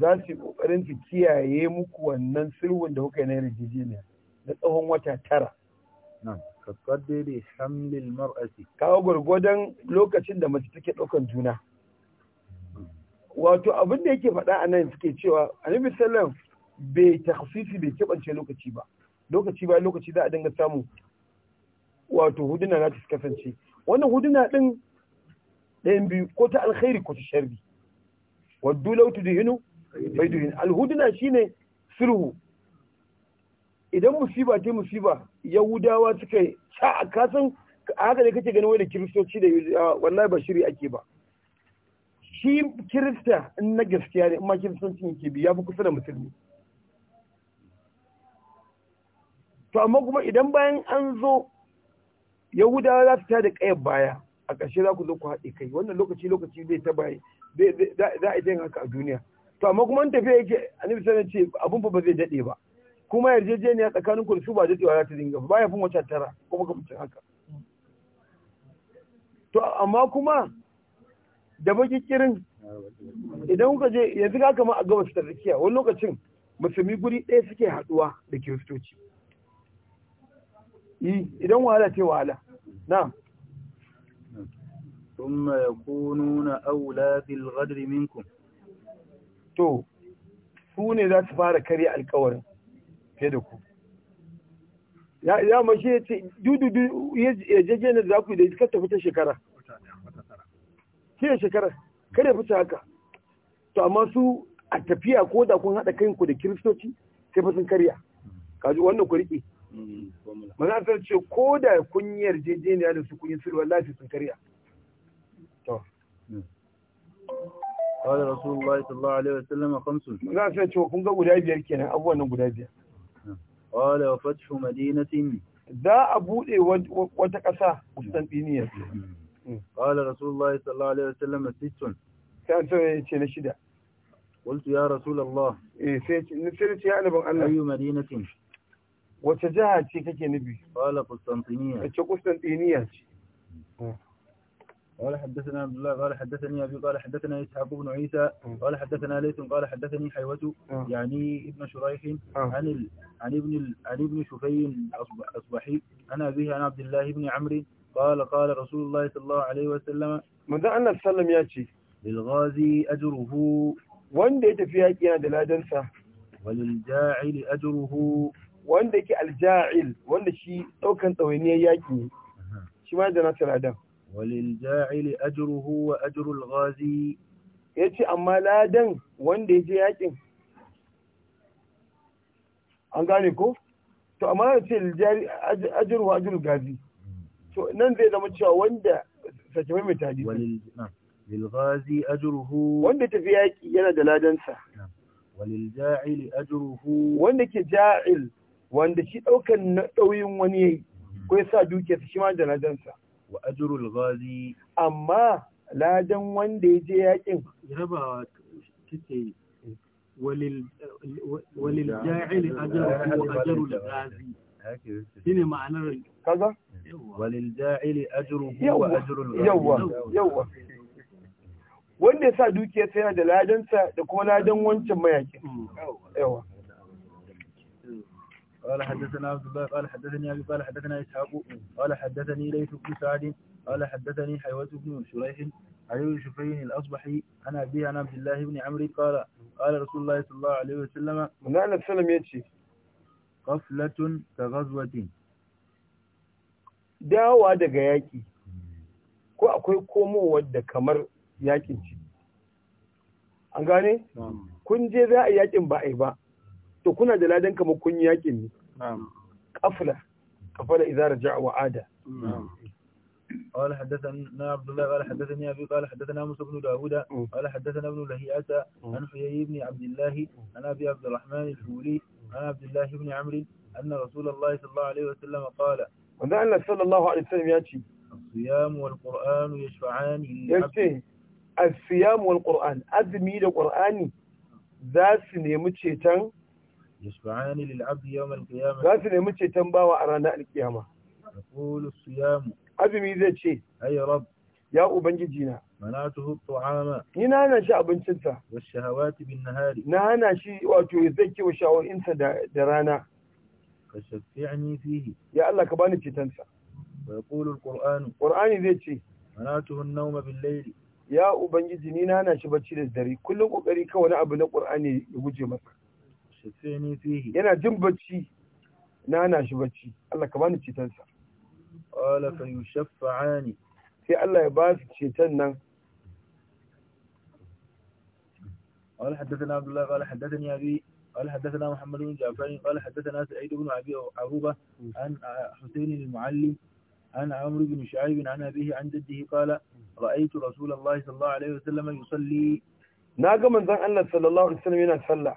Za su yi ƙoƙarin su kiyaye muku wannan sulhun da kuka yi na yarjejeniya. na tsawon wata tara daidai hamlin kawo gwargwadon lokacin da mace take ɗaukan juna wato abin da yake faɗa a nan suke cewa Alibi sallam bai hasisi bai kebance lokaci ba lokaci ba lokaci za a dinga samu wato huduna na su kasance wannan huduna din ɗayan biyu ko ta alkhairi ko ta sharri waddu law tudhinu bayduhin alhuduna shine sulhu idan musiba ta musiba yahudawa suka yi sa kasan haka ne kake ganin wani kiristoci da wallahi ba shiri ake ba shi kirista in na gaskiya ne amma ma kiristancin yake bi ya fi kusa da musulmi to amma kuma idan bayan an zo yahudawa za su ta da kayar baya a ƙarshe za ku zo ku haɗe kai wannan lokaci lokaci zai ta baya za a yi haka a duniya to amma kuma an tafiya yake annabi ya ce abun fa ba zai daɗe ba kuma yarjejeniya tsakanin ku da su ba daɗewa za ta dinga ba ya fi wata tara ko makamcin haka to amma kuma da baki kirin idan kuka je yanzu ka kama a gabas ta wani lokacin musulmi guri ɗaya suke haɗuwa da kiristoci idan wahala ce wahala na ثم يكونون أولى gadri منكم to su ne za su fara karya alkawarin fiye da ku ya ya mashi ya ce dudu ya jeje ne da ku da ka tafi ta shekara shi shekara kada ya fita haka to amma su a tafiya ko da kun haɗa ku da kiristoci sai fa sun karya kaji wannan ku riƙe mm, mana ta ce ko da kun yi yarjejeniya da su kun yi su lafi sun karya to قال رسول الله صلى الله عليه وسلم خمس. لا سنة شو كم قبل هاي بيركينا أول نقول Ƙwale wa fatihu madinatin. Za a buɗe wata ƙasa Kustantiniyar. Ƙwale hmm. Rasulullah sallallahu Alaihi wasallam a Sittun. Sa'adar ya ce na shida. Kultu ya Rasulallah. Eh, sai ya alibin Allah. Ayyu madinatin. Wace jiha ce kake nubi? Ƙwale Kustantiniyar. Kace Kustantiniyar ce. Hmm. قال حدثنا عبد الله قال حدثني أبي قال حدثنا إسحاق بن عيسى قال حدثنا ليث قال حدثني حيوة يعني ابن شريح عن ال... عن ابن ال... عن ابن شفي الأصبحي أنا به عن عبد الله بن عمرو قال قال رسول الله صلى الله عليه وسلم manzo Allah sallam ya ce lil ghazi ajruhu wanda ya tafi yaki yana da ladan sa walil ja'il ajruhu wanda yake al ja'il wanda shi daukan tsawainiyar yaki shi ma da nasa ladan waliljaili ajruhu wa ajrul ghazi yace amma ladan wanda yaje yakin an gane ko to amma ya ce ajruhu wa ajrul ghazi nan zai zama cewa wanda sake mai tadi lil ghazi ajruhu wanda tafi yaki yana da ladansa walil ja'il ajruhu wanda ke ja'il wanda shi daukan nauyin wani yayi ko yasa shi ma da ladansa wa ajrul ghazi amma ladan wanda ya je yakin rabawa kike walil walil ja'il ajru wa ajrul ghazi shine ma'anar kaza walil ja'il ajru wa ajrul ghazi yawa yawa wanda ya sa dukiyarsa yana da ladansa da kuma ladan wancan mayakin mm. yawa قال حدثنا عبد الله قال حدثني أبي قال حدثنا إسحاق قال حدثني ليث بن سعد قال حدثني حيوة بن شريح علي بن شفين الأصبحي عن أبيه عن عبد الله بن عمرو قال قال رسول الله صلى الله عليه وسلم نعم سلم يتشي قفلة كغزوة dawowa daga yaƙi ko akwai komowar da kamar yaƙin ce an gane kun je za a yaƙin ba a yi ba to kuna da ladan kamar kun yi yakin ne kafala kafala idza raja'a wa ada قال حدثنا عبد الله قال حدثني ابي قال حدثنا موسى بن داوود قال حدثنا ابن لهيئه عن حيي بن عبد الله عن ابي عبد الرحمن الحولي عن عبد الله بن عمرو ان رسول الله صلى الله عليه وسلم قال wanda Allah sallallahu alaihi wasallam ya ce siyam wal qur'an yashfa'an yace as-siyam wal qur'an azmi da qur'ani za nemi ceton yashfa'ani lil abdi yawm al qiyamah za su nemi ceton bawa a ranar alkiyama yaqulu siyam azumi zai ce ay rabb ya ubangiji na manatuhu at'ama ni na hana shi abincin sa was shahawati bin nahari na hana shi wato ya zake wa shawoyin sa da rana ka shafi'ani fihi ya Allah ka bani ceton sa ويقول zai ce. ذي شيء مناته النوم بالليل ya ubangiji ni na hana shi bacci da dare kullum kokari kawai wani abu na qur'ani ya guje maka. shafeni fihi yana jin bacci na ana shi bacci Allah ka bani cetan sa wala ka yushaffa'ani sai Allah ya ba su nan wala haddathan Abdullah wala haddathan Yabi na ga manzon Allah sallallahu alaihi wasallam yana sallah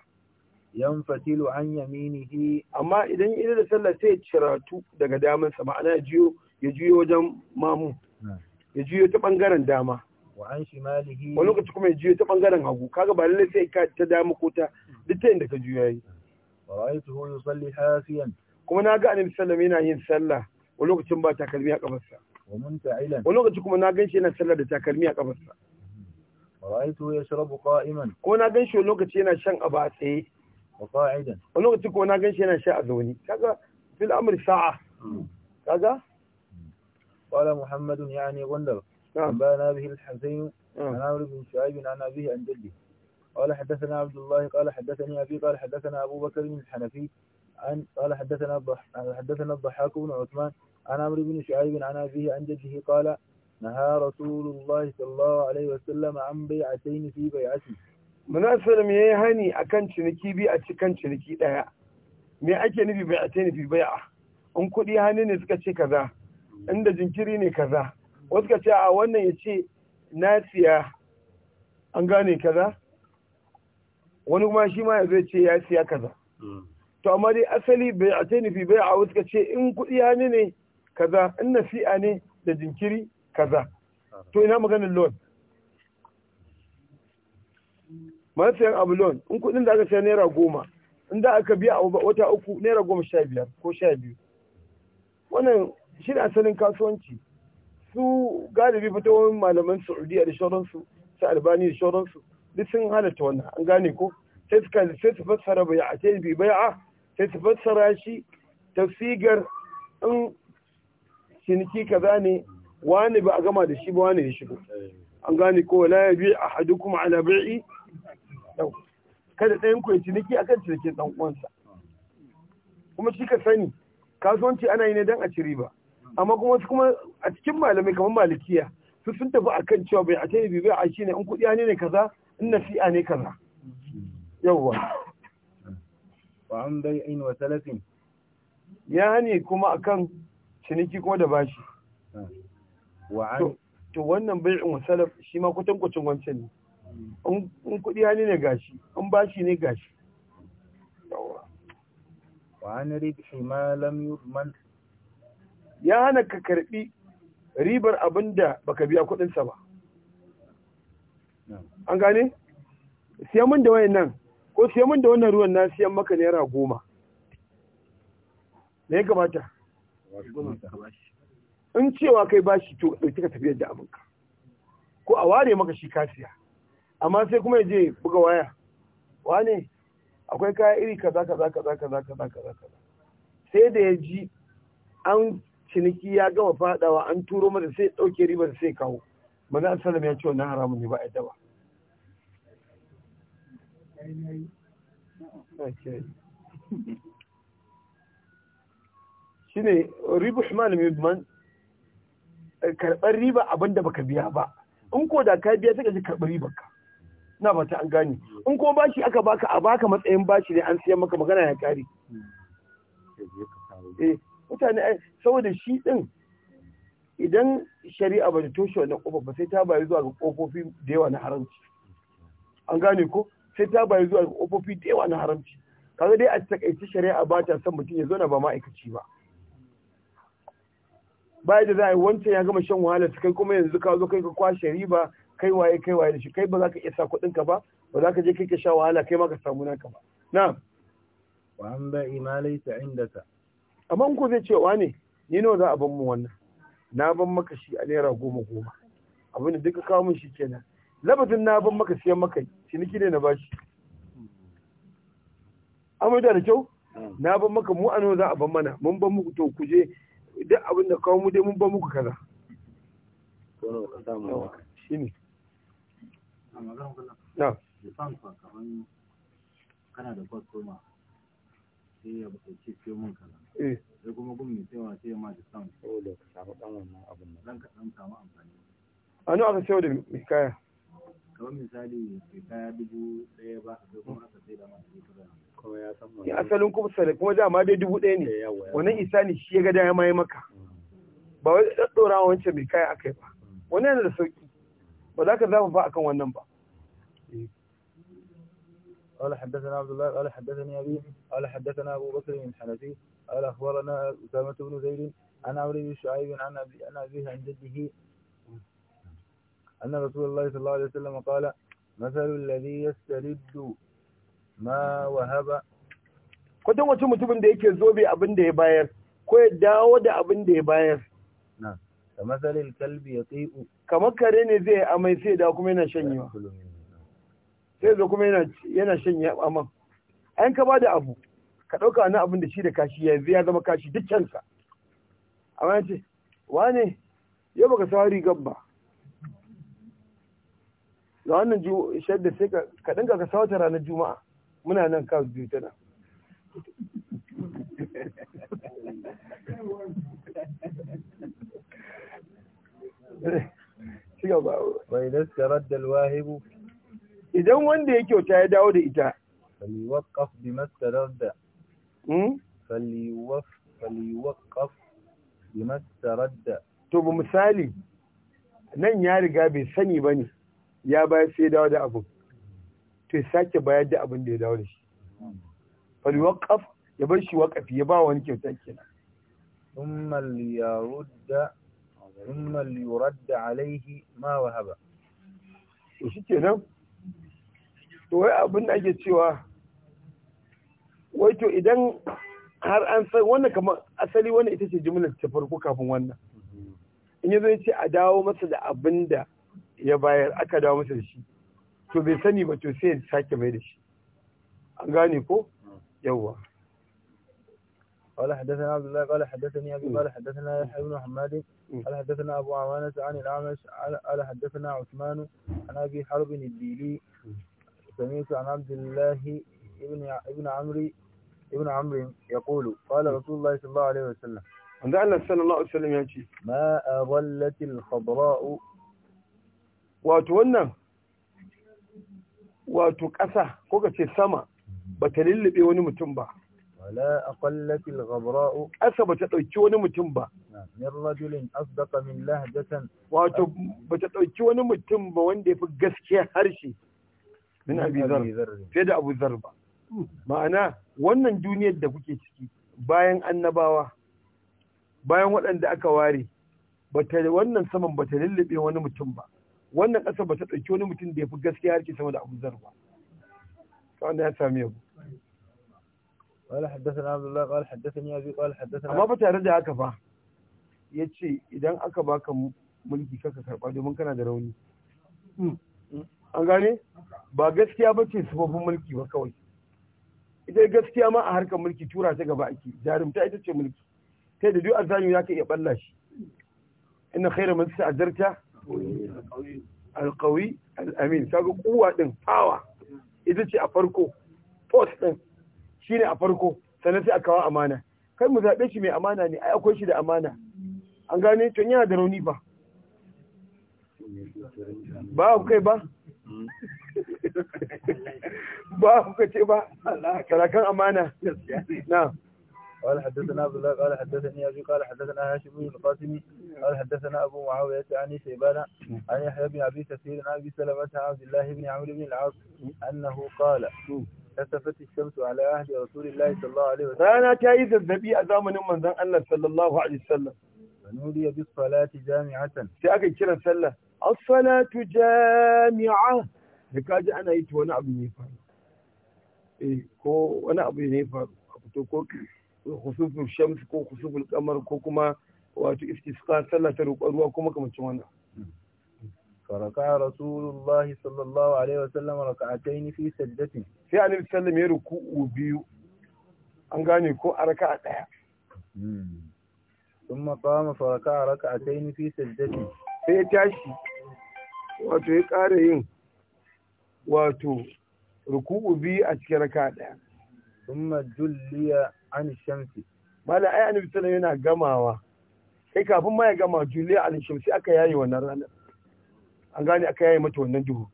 yanfasilu an yaminihi amma idan ya da sallah sai ya ciratu daga damar sa ma'ana juyo ya juyo wajen mamu ya juyo ta bangaren dama wa an shimalihi wani lokaci kuma ya juyo ta bangaren hagu kaga ba lalle sai ka ta dama ko ta duk ta inda ka juyo yayi wa ra'aytuhu yusalli hasiyan kuma na ga annabi sallallahu yana yin sallah wani lokacin ba takalmi a kafarsa wa munta'ilan wani lokaci kuma na ganshi yana sallah da takalmi a kafarsa wa ra'aytuhu yashrabu qa'iman ko na ganshi wani lokaci yana shan abu a tsaye وقاعدا wani lokaci ko na ganshi yana sha a zauni kaga fil amr sa'a kaga qala به الحسين نعم. عن bana بن شعيب عن an عن جده قال حدثنا عبد الله قال حدثني أبي قال حدثنا أبو بكر بن الحنفي عن قال حدثنا حدثنا الضحاك بن عثمان عن عمرو بن شعيب عن أبيه عن جده قال نهى رسول الله صلى الله عليه وسلم عن بيعتين في بيعته munasir me yayi hani akan ciniki bi a cikin ciniki daya me ake nufi bai a nufi bai a in kudi hani ne suka ce kaza inda jinkiri ne kaza wasu ce a wannan ya ce na siya an gane kaza wani kuma shi ma ya zai ce ya siya kaza hmm. to amma dai asali bai a ta fi bai a wasu ce in kudi hani ne kaza in na ne da jinkiri kaza to ina maganin lord masu abulon in kuɗin da aka saya naira goma in da aka biya a wata uku naira goma sha biyar ko sha biyu wannan shi ne asalin kasuwanci su galibi wani malaman saudiya da shauransu su albani da shauransu duk sun halatta wannan an gane ko sai su kan sai su fassara bai a sai su bai a sai su fassara shi tafsigar in ciniki kaza ne wani ba a gama da shi ba wani ya shigo an gane ko la yabi ahadukum ala bai'i ɗau kada ɗayan ku ya ciniki kan cirkin ɗan uwansa kuma shi ka sani kasuwanci ana yi ne don a ci riba amma kuma wasu kuma a cikin malamai kamar malikiya su sun tafi a kan cewa bai a yi bai a shi ne in kuɗi ne kaza in nasi'a ne kaza yawwa ba. an bai ainihin wata lafin ya ne kuma a kan ciniki kuma da bashi wa'an to wannan bai'in wa salaf shi ma kwatankwacin wancan ne in kuɗi hali ne gashi in bashi ne gashi wani ribhi ma lam yudman ya hana ka karbi ribar abinda baka biya kuɗinsa ba an gane siyan mun da wayan nan ko siyan mun da wannan ruwan na siyan maka naira goma me ya kamata in cewa kai bashi to ɗauki ka tafiyar da abinka ko a ware maka shi ka siya amma sai kuma ya je buga waya wane akwai kaya iri kaza kaza kaza kaza kaza kaza kaza sai da ya ji an ciniki ya gama fadawa an turo mata sai dauke ribar sai kawo a sallam ya ce wannan haramun ne ba a yadda ba shine ribu himal man eh, karɓar riba abinda baka biya ba in ko da ka biya sai ka ji karɓar ribar ka na ta an gane in ko bashi aka baka a baka matsayin bashi ne an siyan maka magana ya kare eh mutane saboda shi din idan shari'a ba ta toshe wannan kofa ba sai ta bayi zuwa ga kofofi da yawa na haramci an gane ko sai ta bayi zuwa ga kofofi da yawa na haramci kaga dai a takaice shari'a ba ta son mutum ya zo na ba ma'aikaci ba baya da za a yi wancan ya gama shan wahala kai kuma yanzu ka zo kai ka kwashe riba kai waye kai waye da shi kai ba za ka iya sa kuɗin ka ba ba za ka je kai ka sha wahala kai ma ka samu ka ba na'am wa an ba imalai ta indaka amma ko zai ce wa ne ni nawa za a ban mu wannan na ban maka shi a naira goma goma abin da duka kawo min shi kenan labatin na ban maka siyan maka ciniki ne na bashi amma da kyau na ban maka mu a nawa za a ban mana mun ban muku to ku je duk abin da kawo mu dai mun ban muku kaza ne na japan fa kaman kana da kwastoma sai ya ɗauki fiye mun kaza eh. sai kuma gun mai tsayawa sai ya ma discount saboda ka samu ɗan wannan abin nan ɗan ka samu amfani a nawa aka sayo da kaya kamar misali mai kaya dubu ɗaya ba ka kuma aka sai da masu kuɗa kuma ya san wani asalin kuma sai kuma dama dai dubu ɗaya ne eh, wannan isani shi ga dama ya maka mm. ba wai ɗaɗɗora wancan mai kaya aka yi ba mm. wannan yana da sauki ولكن za ka zamu ba akan قال حدثنا عبد الله قال حدثني أبي قال حدثنا أبو بكر حنفي قال أخبرنا أسامة بن زيد عن عمرو بن شعيب عن أبي عن أبيه عن جده أن رسول الله صلى الله عليه وسلم قال مثل الذي يسترد ما وهب kudin mutum mutumin da yake zobe أبن da ya كوي داود أبن dawo da نعم كمثل الكلب bayar kamar kare ne zai amai sai da kuma yana shanyewa sai da kuma yana shanye aman an ka bada abu ka ɗauka wani abin da shi da kashi yanzu ya zama kashi kansa amma ya ce wane yau baka sa rigar ba ga wannan shadda sai ka dinga ka sawata ranar juma'a muna nan ka biyu tana Yeah. ci gaba wai daskarar dalwahibu idan wanda ya kyauta ya dawo da ita waqaf bi mastarar da hmm? waqaf bi mastarar da to ba misali nan ya riga bai sani ba ne ya bayar sai dawo da abu, to ya sake bayar da abin da ya dawo da shi waqaf ya bar shi wakafi ya ba wani kyauta kenan ثم ليرد mimman yuradda alaihi ma wahaba to shi kenan to wai abin da ake cewa wai to idan har an san wannan kamar asali wannan ita ce jimlar ta farko kafin wannan in ya zai ce a dawo masa da abin da ya bayar aka dawo masa da shi to bai sani ba to sai ya sake mai da shi an gane ko yawwa قال حدثنا عبد الله قال حدثني ابي قال حدثنا يحيى بن حماد قال حدثنا أبو عوانة عن الأعمش قال حدثنا عثمان عن أبي حرب الديلي سمعت عن عبد الله ابن ابن عمري ابن عمرو يقول قال رسول الله صلى الله عليه وسلم عند الله صلى الله عليه وسلم يجي ما أظلت الخضراء واتونا wato ƙasa ko ka ce sama ba ta lullube wani mutum ba wala aqallat bata dauki wani mutum wato bata dauki wani mutum ba wanda yafi gaskiya harshe min abi zar da abu zar ma'ana wannan duniyar da kuke ciki bayan annabawa bayan waɗanda aka ware bata wannan saman bata lullube wani mutum ba wannan ƙasa bata dauki wani mutum da yafi gaskiya harshe sama da abu zar ba ya same ku قال حدثنا عبد الله قال حدثني ابي قال حدثنا amma ba tare da haka fa yace idan aka baka mulki kaka karba domin kana da rauni an gane ba gaskiya ba ce sufofin mulki ba kawai ita gaskiya ma a harkar mulki tura ta gaba ake jarumta ita ce mulki kai da duk arzani za ka iya balla shi ina khaira man sa'adarta alqawi al-amin kaga kuwa din power ita ce a farko post din shine a farko sannan sai a kawo amana kai mu zaɓe shi mai amana ne ai akwai shi da amana an gane to yana da rauni ba ba ku kai ba hmm. ba ku ce ba sarakan amana na قال حدثنا عبد الله قال حدثني ابي قال حدثنا هاشم بن قال حدثنا ابو معاويه عن شيبان عن يحيى بن ابي كثير عن ابي سلمه عبد الله بن عمرو بن العاص انه قال kasafat shamsu ala ahli rasulillahi sallallahu alaihi wasallam rana ta yi zazzabi a zamanin manzon Allah sallallahu alaihi wasallam sanuriya bis salati jami'atan sai aka kira sallah as-salatu jami'a da kaji ana yi ta wani abu ne faru eh ko wani abu ne faru a fito ko khusuful shamsu, ko khusuful qamar ko kuma wato istisqa sallah ta roƙon ruwa kuma kamar wannan فركع رسول الله صلى الله عليه وسلم ركعتين في سجدته sai annabi sallam ya ruku'u biyu an gane ko a raka'a daya hmm. thumma qama fa raka'a raka'atayn fi sajdati sai ya tashi wato ya ƙara yin wato ruku'u biyu a cikin raka'a daya thumma julliya an shamsi mala ai sallam yana gamawa kai kafin ma ya gama julliya an shamsi aka yayi wannan ranar an gane aka yaye mata wannan duhu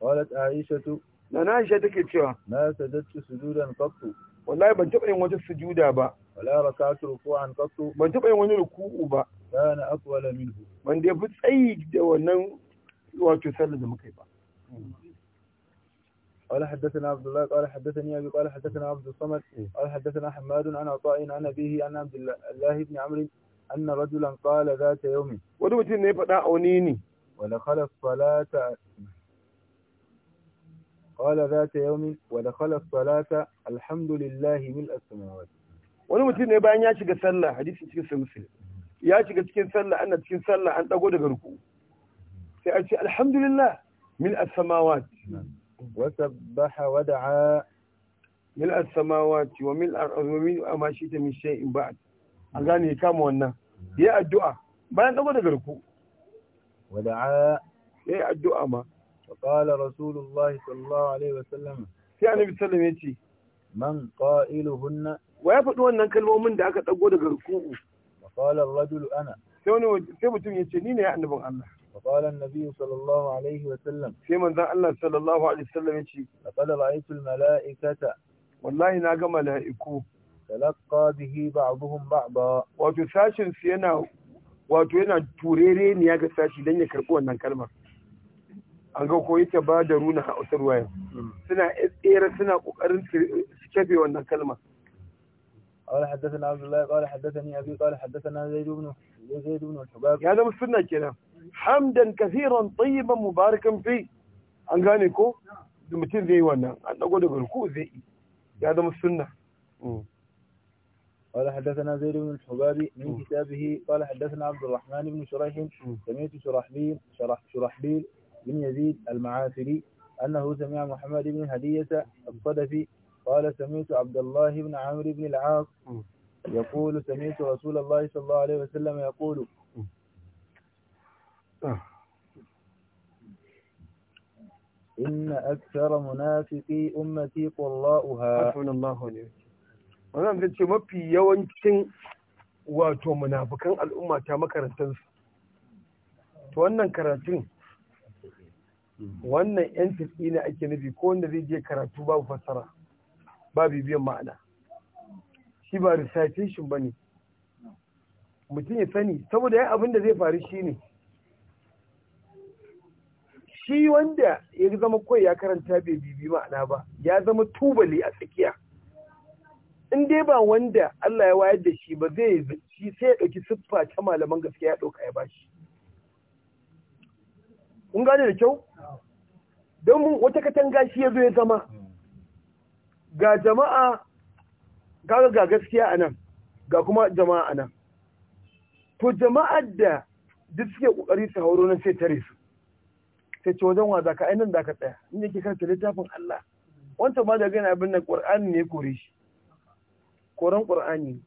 qalat aishatu na aisha take cewa na sajadtu sujudan qattu wallahi ban taɓa yin wata sujuda ba wala rakatu ruku'an qattu ban taɓa yin wani ruku'u ba kana aqwala minhu ban da fi tsayi da wannan wato sallar da muka yi ba قال حدثنا عبد الله قال حدثني ابي قال حدثنا عبد الصمد قال حدثنا حماد عن عطاء عن ابيه عن عبد الله بن عمرو anna rajulan qala zata yawmin wani mutum ne faɗa a wani ne wala khala salata mil as wani mutum ne bayan ya shiga sallah hadisi cikin sa muslim ya shiga cikin sallah ana cikin sallah an dago daga ruku sai a ce alhamdulillah mil as-samawati wa sabbaha mil as wa mil ar shi ta min in ba'd a gane ya kama wannan ya addu'a bayan dago da garku wada'a ya yi addu'a ma فقال رسول الله sallallahu alaihi wasallam sai annabi sallam ya ce man qailuhunna wa ya faɗi wannan kalmomin da aka dago daga garku? fa qala rajul ana sai wani sai mutum ya ce ni ne annabin Allah fa qala nabi sallallahu alaihi wa sallam sai manzon Allah sallallahu alaihi wa sallam ya ce laqad ra'aytu al-mala'ikata wallahi na ga mala'iku talaqqa bihi ba'dhum ba'da wato sashin su yana wato yana turere ne ya ga sashi dan ya karbi wannan kalmar an ga ko yake ba da runa a usar waya suna tsere suna kokarin su kafe wannan kalmar قال حدثنا عبد الله قال حدثني ابي قال حدثنا زيد بن زيد بن الحباب هذا مش كده حمدا كثيرا طيبا مباركا فيه an gane ko mutum zai yi wannan an dago daga ruku zai ya sunna قال حدثنا زيد بن الحبابي من كتابه قال حدثنا عبد الرحمن بن شريح سمعت شرحبيل شرح شرحبيل بن يزيد المعافري أنه سمع محمد بن هدية الصدفي قال سمعت عبد الله بن عمرو بن العاص يقول سمعت رسول الله صلى الله عليه وسلم يقول آه. إن أكثر منافقي أمتي قراؤها عفوا الله عليك wannan zai ce mafi yawancin wato munafukan al'umma ta makarantarsu to wannan karatun wannan yan tafi ne ake nufi ko wanda zai je karatu babu fassara ba bibiyan ma'ana shi ba recitation ba ne mutum ya sani saboda yan abin da zai faru shi ne shi wanda ya zama kawai ya karanta bai bibi ma'ana ba ya zama tubali a tsakiya in dai ba wanda Allah ya wayar da shi ba zai shi sai ya ɗauki siffa ta malaman gaskiya ya ɗauka ya bashi. Kun gane da kyau? Don mu wata katanga shi ya zo ya zama. Ga jama'a gaga ga gaskiya a nan, ga kuma jama'a a nan. To jama'ar da duk suke ƙoƙari su hauro nan sai tare su. Sai ce wajen wa zaka ainihin zaka tsaya, in yake karanta littafin Allah. Wancan ma da gani abin da ƙwar'ani ne kore shi. koran ƙur'ani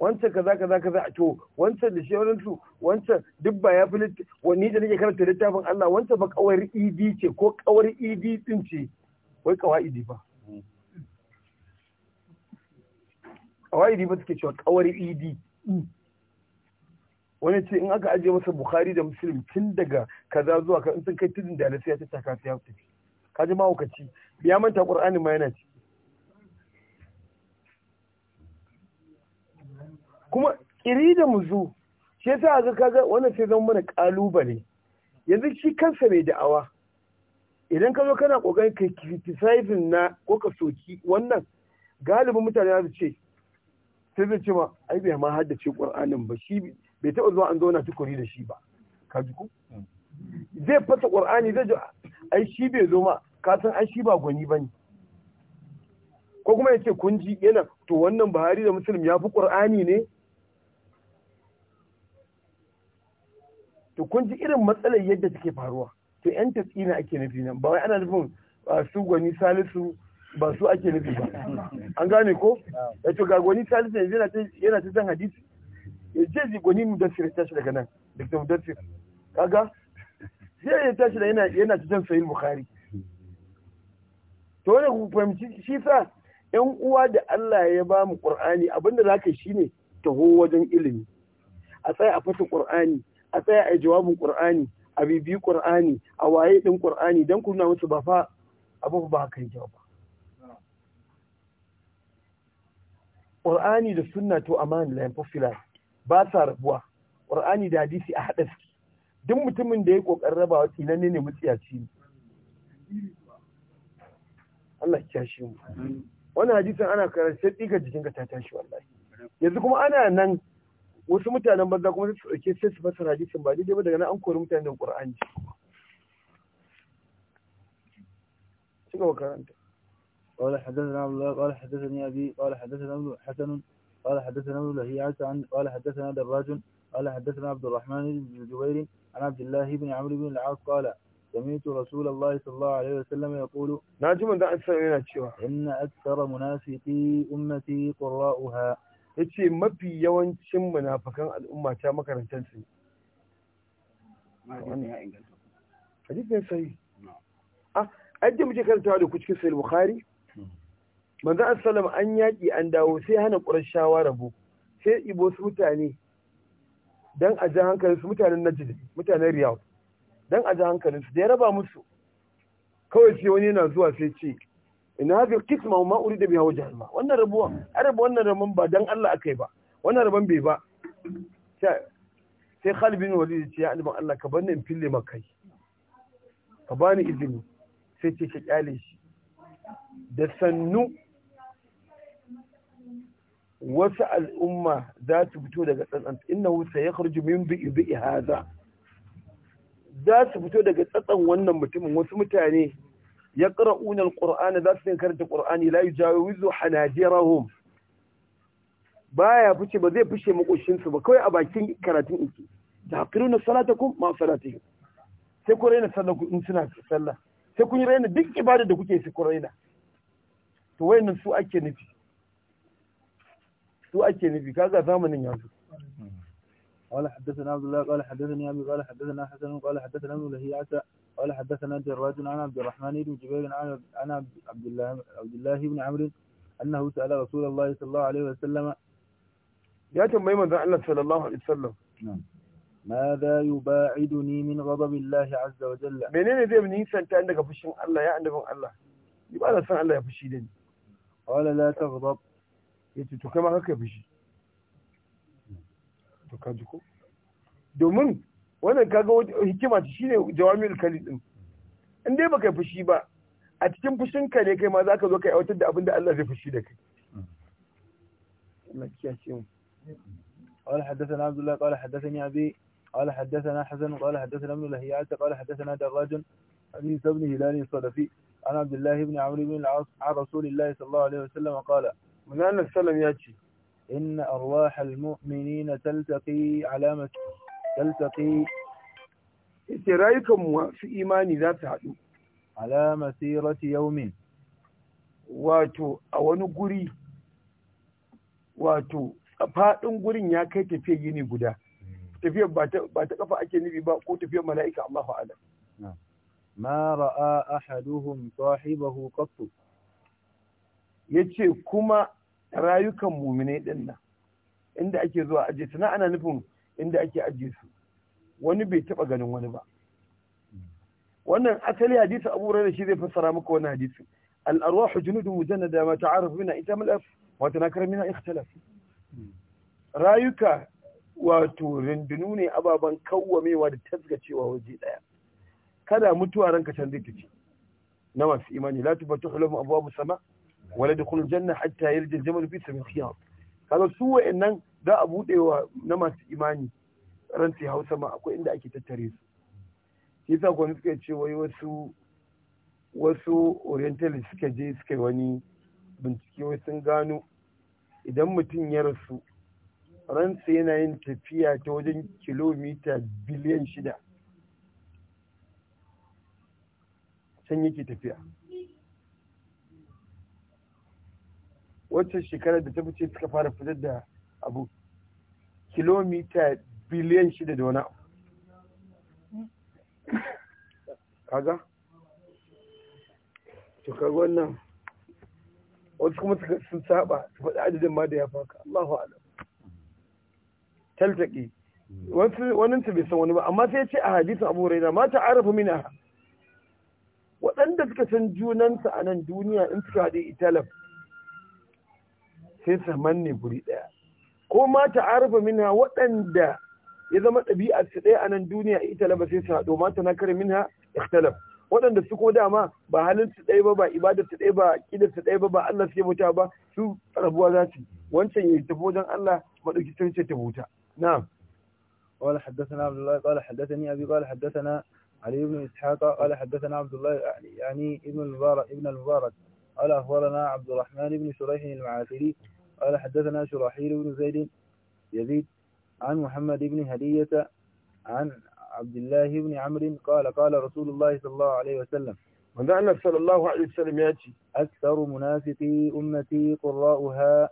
wancan kaza kaza kaza a to wancan da shawaran su wancan duk ba ya fili wani da nake karanta littafin Allah wancan ba kawar ED ce ko kawar ED din ce wai kawaidi e ba kawaidi e ba suke cewa kawar ED wani ce in aka ajiye masa Bukhari da Muslim tun daga kaza zuwa ka in sun kai tudun da sai ya tattaka ta ya Ka kaji ma ya manta Qur'ani ma yana ci kuma ƙiri da muzu shi sa ga kaga wannan sai zama mana kalubale yanzu shi kansa mai da'awa idan ka zo kana kokarin kai criticizing na ko ka soki wannan galibin mutane su ce sai zai ce ma ai bai ma haddace qur'anin ba shi bai taɓa zuwa an zauna tukuri da shi ba ka ji ko hmm. zai fasa qur'ani zai ai shi bai zo ma ka san ai shi ba gwani bane ko kuma yace kun ji yana to wannan Buhari da Muslim ya fi qur'ani ne to kun ji irin matsalar yadda take faruwa to yan ne ake nufi nan ba wai ana nufin su gwani salisu ba su ake nufi ba an gane ko ya ce eh, ga gwani salisu yanzu yana ta san hadisi ya eh, je ji gwani mu dan sirri tashi daga nan daga mu dan sirri kaga sai ya tashi da yana ta san sahih bukari to wani ku fahimci shi sa yan uwa da Allah ya ba mu qur'ani abinda zaka shine taho wajen ilimi a tsaya a fata qur'ani a tsaya a jawabin ƙur'ani a bibi qur'ani a waye ɗin ƙur'ani don ku nuna musu ba fa abu ba kai jawa ba qur'ani da sunna to aman la yanfasila ba sa rabuwa qur'ani da hadisi a haɗa suke duk mutumin da ya kokarin rabawa kinan ne mutsiyaci ne Allah ya shi mu wannan hadisin ana karanta sai jikin jikinka ta tashi wallahi yanzu kuma ana nan wasu mutanen banza kuma su ɗauke sai su fasara hadisin ba daidai ba daga nan an kori mutanen Qur'ani شنو هو الكلام قال حدثنا عبد الله قال حدثني أبي قال حدثنا حسن قال حدثنا ابن لهيعة عن قال حدثنا دراج قال حدثنا عبد الرحمن بن الزبير عن عبد الله بن عمرو بن العاص قال سمعت رسول الله صلى الله عليه وسلم يقول ناجم أن أكثر إن أكثر منافقي أمتي قراؤها ya ce mafi yawancin munafakan al'umma ta makarantar su hadisin sai a ajiye muke karantawa da ku sai bukhari manzo assalam an yaƙi an dawo sai hana ƙurashawa rabo sai ibo su mutane dan a ji hankalin su mutanen najd mutanen riyadh dan a ji hankalin su da ya raba musu kawai sai wani yana zuwa sai ce inna hadhihi alqisma wa ma da biha wajh Allah wannan rabuwa an rabu wannan rabon ba dan Allah yi ba wannan rabon bai ba sai Khalid bin ce ya annabi Allah ka bar ni in fille makai ka bani izini sai ce ka kyale shi da sannu wasu al'umma za su fito daga tsatsan innahu sayakhruju min bi'i haza za su fito daga tsatsan wannan mutumin wasu mutane yaqra'una alqur'ana za su karanta qur'ani la yujawizu hanajirahum baya fice ba zai fice makoshin ba kawai a bakin karatun iki taqiruna salatakum ma salatihim sai ku raina sallah in suna sallah sai kun raina duk ibada da kuke sai ku to wayannan su ake nufi su ake nufi kaga zamanin yanzu قال حدثنا عبد الله قال حدثني ابي قال حدثنا حسن قال حدثنا ابن لهيعه قال حدثنا جراد عن عبد الرحمن بن جبير عن عبد الله عبد الله بن عمرو أنه سأل رسول الله صلى الله عليه وسلم يا تنبي من الله صلى الله عليه وسلم نعم ماذا يباعدني من غضب الله عز وجل منين دي من ينسان عندك فشين الله يا عندك الله يبقى انا الله يفشي دين قال لا تغضب انت تو كما هكا فشي تو كاجكو ka wannan kaga hikima ce shine jawami'ul kalim din in dai baka fushi ba a cikin fushin ka ne kai ma zaka zo ka aiwatar da abin da Allah zai fushi da kai Allah ya ce mu قال حدثنا عبد الله قال حدثني أبي قال حدثنا حسن قال حدثنا ابن لهيعة قال حدثنا دراج عن يوسف بن هلال الصدفي عن عبد الله بن عمرو بن العاص عن رسول الله صلى الله عليه وسلم قال من أن السلم يأتي إن أرواح المؤمنين تلتقي على مسجد yace rayukan masu imani za su haɗu ala masirati yawmin wato a wani guri wato faɗin gurin ya kai tafiyar yini guda tafiyar ba ta kafa ake nufi ba ko tafiyar mala'ika Allahu a'lam ma ra'a ahaduhum sahibahu qattu yace kuma rayukan mu'minai din nan inda ake zuwa aje suna ana nufin inda ake aje su wani bai taba ganin wani ba wannan asali hadisi abu da shi zai fassara wani wannan hadisi al-arwahu junudun mujannada ma ta'arafu bina ita malaf wa tanakara mina ikhtilaf rayuka wato rindunu ne ababen kawwamewa da tasgacewa waje daya kada mutuwa ranka can zai tafi na masu imani la tubatu lahum abwabu sama wala dukhulul janna hatta yarji al-jamal fi sabil khiyam kaga su wa'annan za a buɗewa na masu imani ransu hausa ma akwai inda ake tattare su shi yasa kuma suka ce wai wasu wasu orientalist suka je suka yi wani bincike wai sun gano idan mutum ya rasu ransa yana yin tafiya ta wajen kilomita biliyan shida can yake tafiya wacce shekarar da ta fice suka fara fitar da abu kilomita biliyan shida da wani abu kaga to kaga wannan wasu kuma sun saba su faɗi adadin ma da ya faka Allahu alam taltaki wasu wannan ta bai san wani ba amma sai ya ce a hadisin Abu Hurairah ma arafa mina waɗanda suka san junansa a nan duniya in suka haɗe italab sai su ne guri ɗaya ko ma arafa mina waɗanda ya zama ɗabi'ar su ɗaya a nan duniya ita laba sai su haɗo mata na kare minha ikhtalaf waɗanda su ko dama ba halin su ɗaya ba ba ibadar su ɗaya ba kidar su ɗaya ba ba Allah su ba su rabuwa za su wancan ya tafi wajen Allah madauki sun ce ta bauta na'am قال حدثنا عبد الله قال حدثني أبي قال حدثنا علي بن إسحاق قال حدثنا عبد الله يعني ابن المبارك ابن المبارك قال أخبرنا عبد الرحمن بن شريح المعافري قال حدثنا شراحيل بن زيد يزيد عن محمد بن هدية عن عبد الله بن عمرو قال قال رسول الله صلى الله عليه وسلم من صلى الله عليه وسلم يأتي أكثر منافقي أمتي قراؤها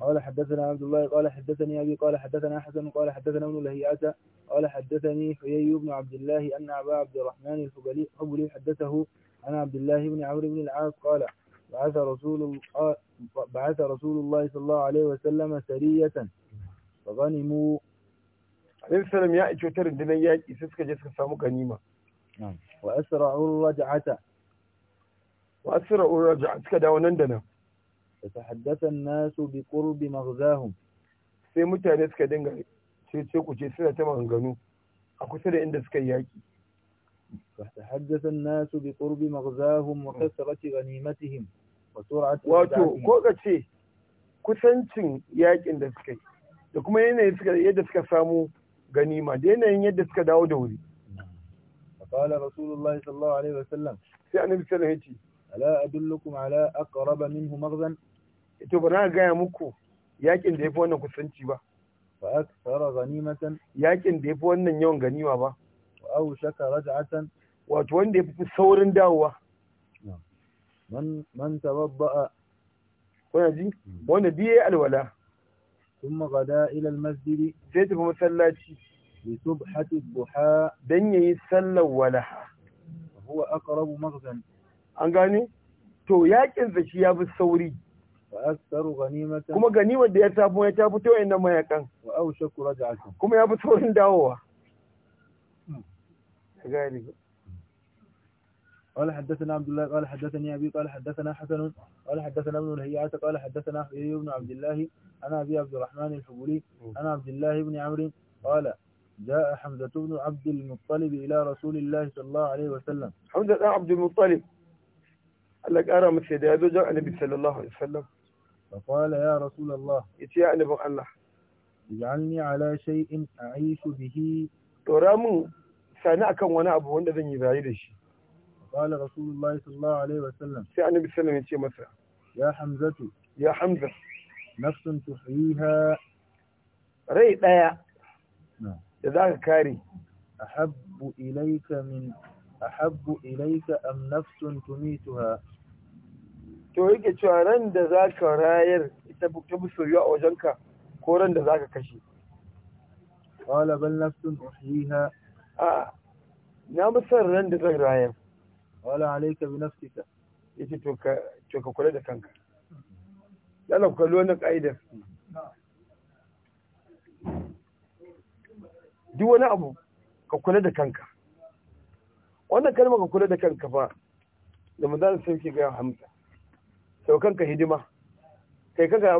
قال حدثنا عبد الله قال حدثني أبي قال حدثنا حسن قال حدثنا ابن لهيعة قال حدثني حيي بن عبد الله أن أبا عبد الرحمن الحبلي حبلي حدثه عن عبد الله بن عمرو بن العاص قال بعث رسول بعث رسول الله صلى الله عليه وسلم سرية fa zanimu Annabi sallam ya aiki wata rundunar yaƙi sai suka je suka samu ganima wa asra'u raj'ata wa asra'u raj'a suka dawo nan da nan fatahaddatha an-nasu bi qurbi sai mutane suka dinga kuce suna ta a kusa da inda suka yaƙi فتحدث الناس بقرب مغزاهم وكثرة غنيمتهم وسرعة wato ko kace kusancin yakin da suka yi da kuma yanayin yadda suka samu ganima da yanayin yadda suka dawo da wuri qala rasulullah sallallahu alaihi wasallam sai annabi sallallahu alaihi ala adullukum ala aqrab minhu maghzan to ba na gaya muku yakin da yafi wannan kusanci ba fa akthara ghanimatan yakin da yafi wannan yawan ganima ba wa aw shaka raj'atan wato wanda yafi saurin dawowa man man tababba kuna ji hmm. wanda biye alwala ثم غدا إلى المسجد سيتف مسلاتي لسبحة الضحى دنيا يسلى ولها هو أقرب مغزا أنقاني to yakin sa shi ya fi sauri kuma ganimar da ya tafi ya tafi to inda mayakan kuma ya fi saurin dawowa hmm. قال حدثنا عبد الله قال حدثني أبي قال حدثنا حسن قال حدثنا ابن الهيات قال حدثنا أبي بن عبد الله أنا أبي عبد الرحمن الحبولي أنا عبد الله بن عمرو قال جاء حمزة بن عبد المطلب إلى رسول الله صلى الله عليه وسلم حمزة بن عبد المطلب قال لك أرى مثل هذا جاء النبي صلى الله عليه وسلم فقال يا رسول الله يا نبي الله اجعلني على شيء أعيش به ترى من سأنا أكون وأنا بعيد الشيء قال رسول الله صلى الله عليه وسلم سي النبي صلى الله عليه يا حمزة يا حمزة نفس تحييها ري دايا نعم كاري أحب إليك من أحب إليك أم نفس تميتها to yake cewa ran da za ka rayar ita ta soyuwa a wajenka ko ran da za ka kashe. Ƙwala bal nafsun uhiha. A, na musan ran da zan rayar. wala alayka bi nafsika yace to ka to ka kula da kanka yana ku kalli wannan ka'idar duk wani abu ka kula da kanka wannan kalma ka kula da kanka fa da manzon sai ke ga hamsa sau kanka hidima kai kanka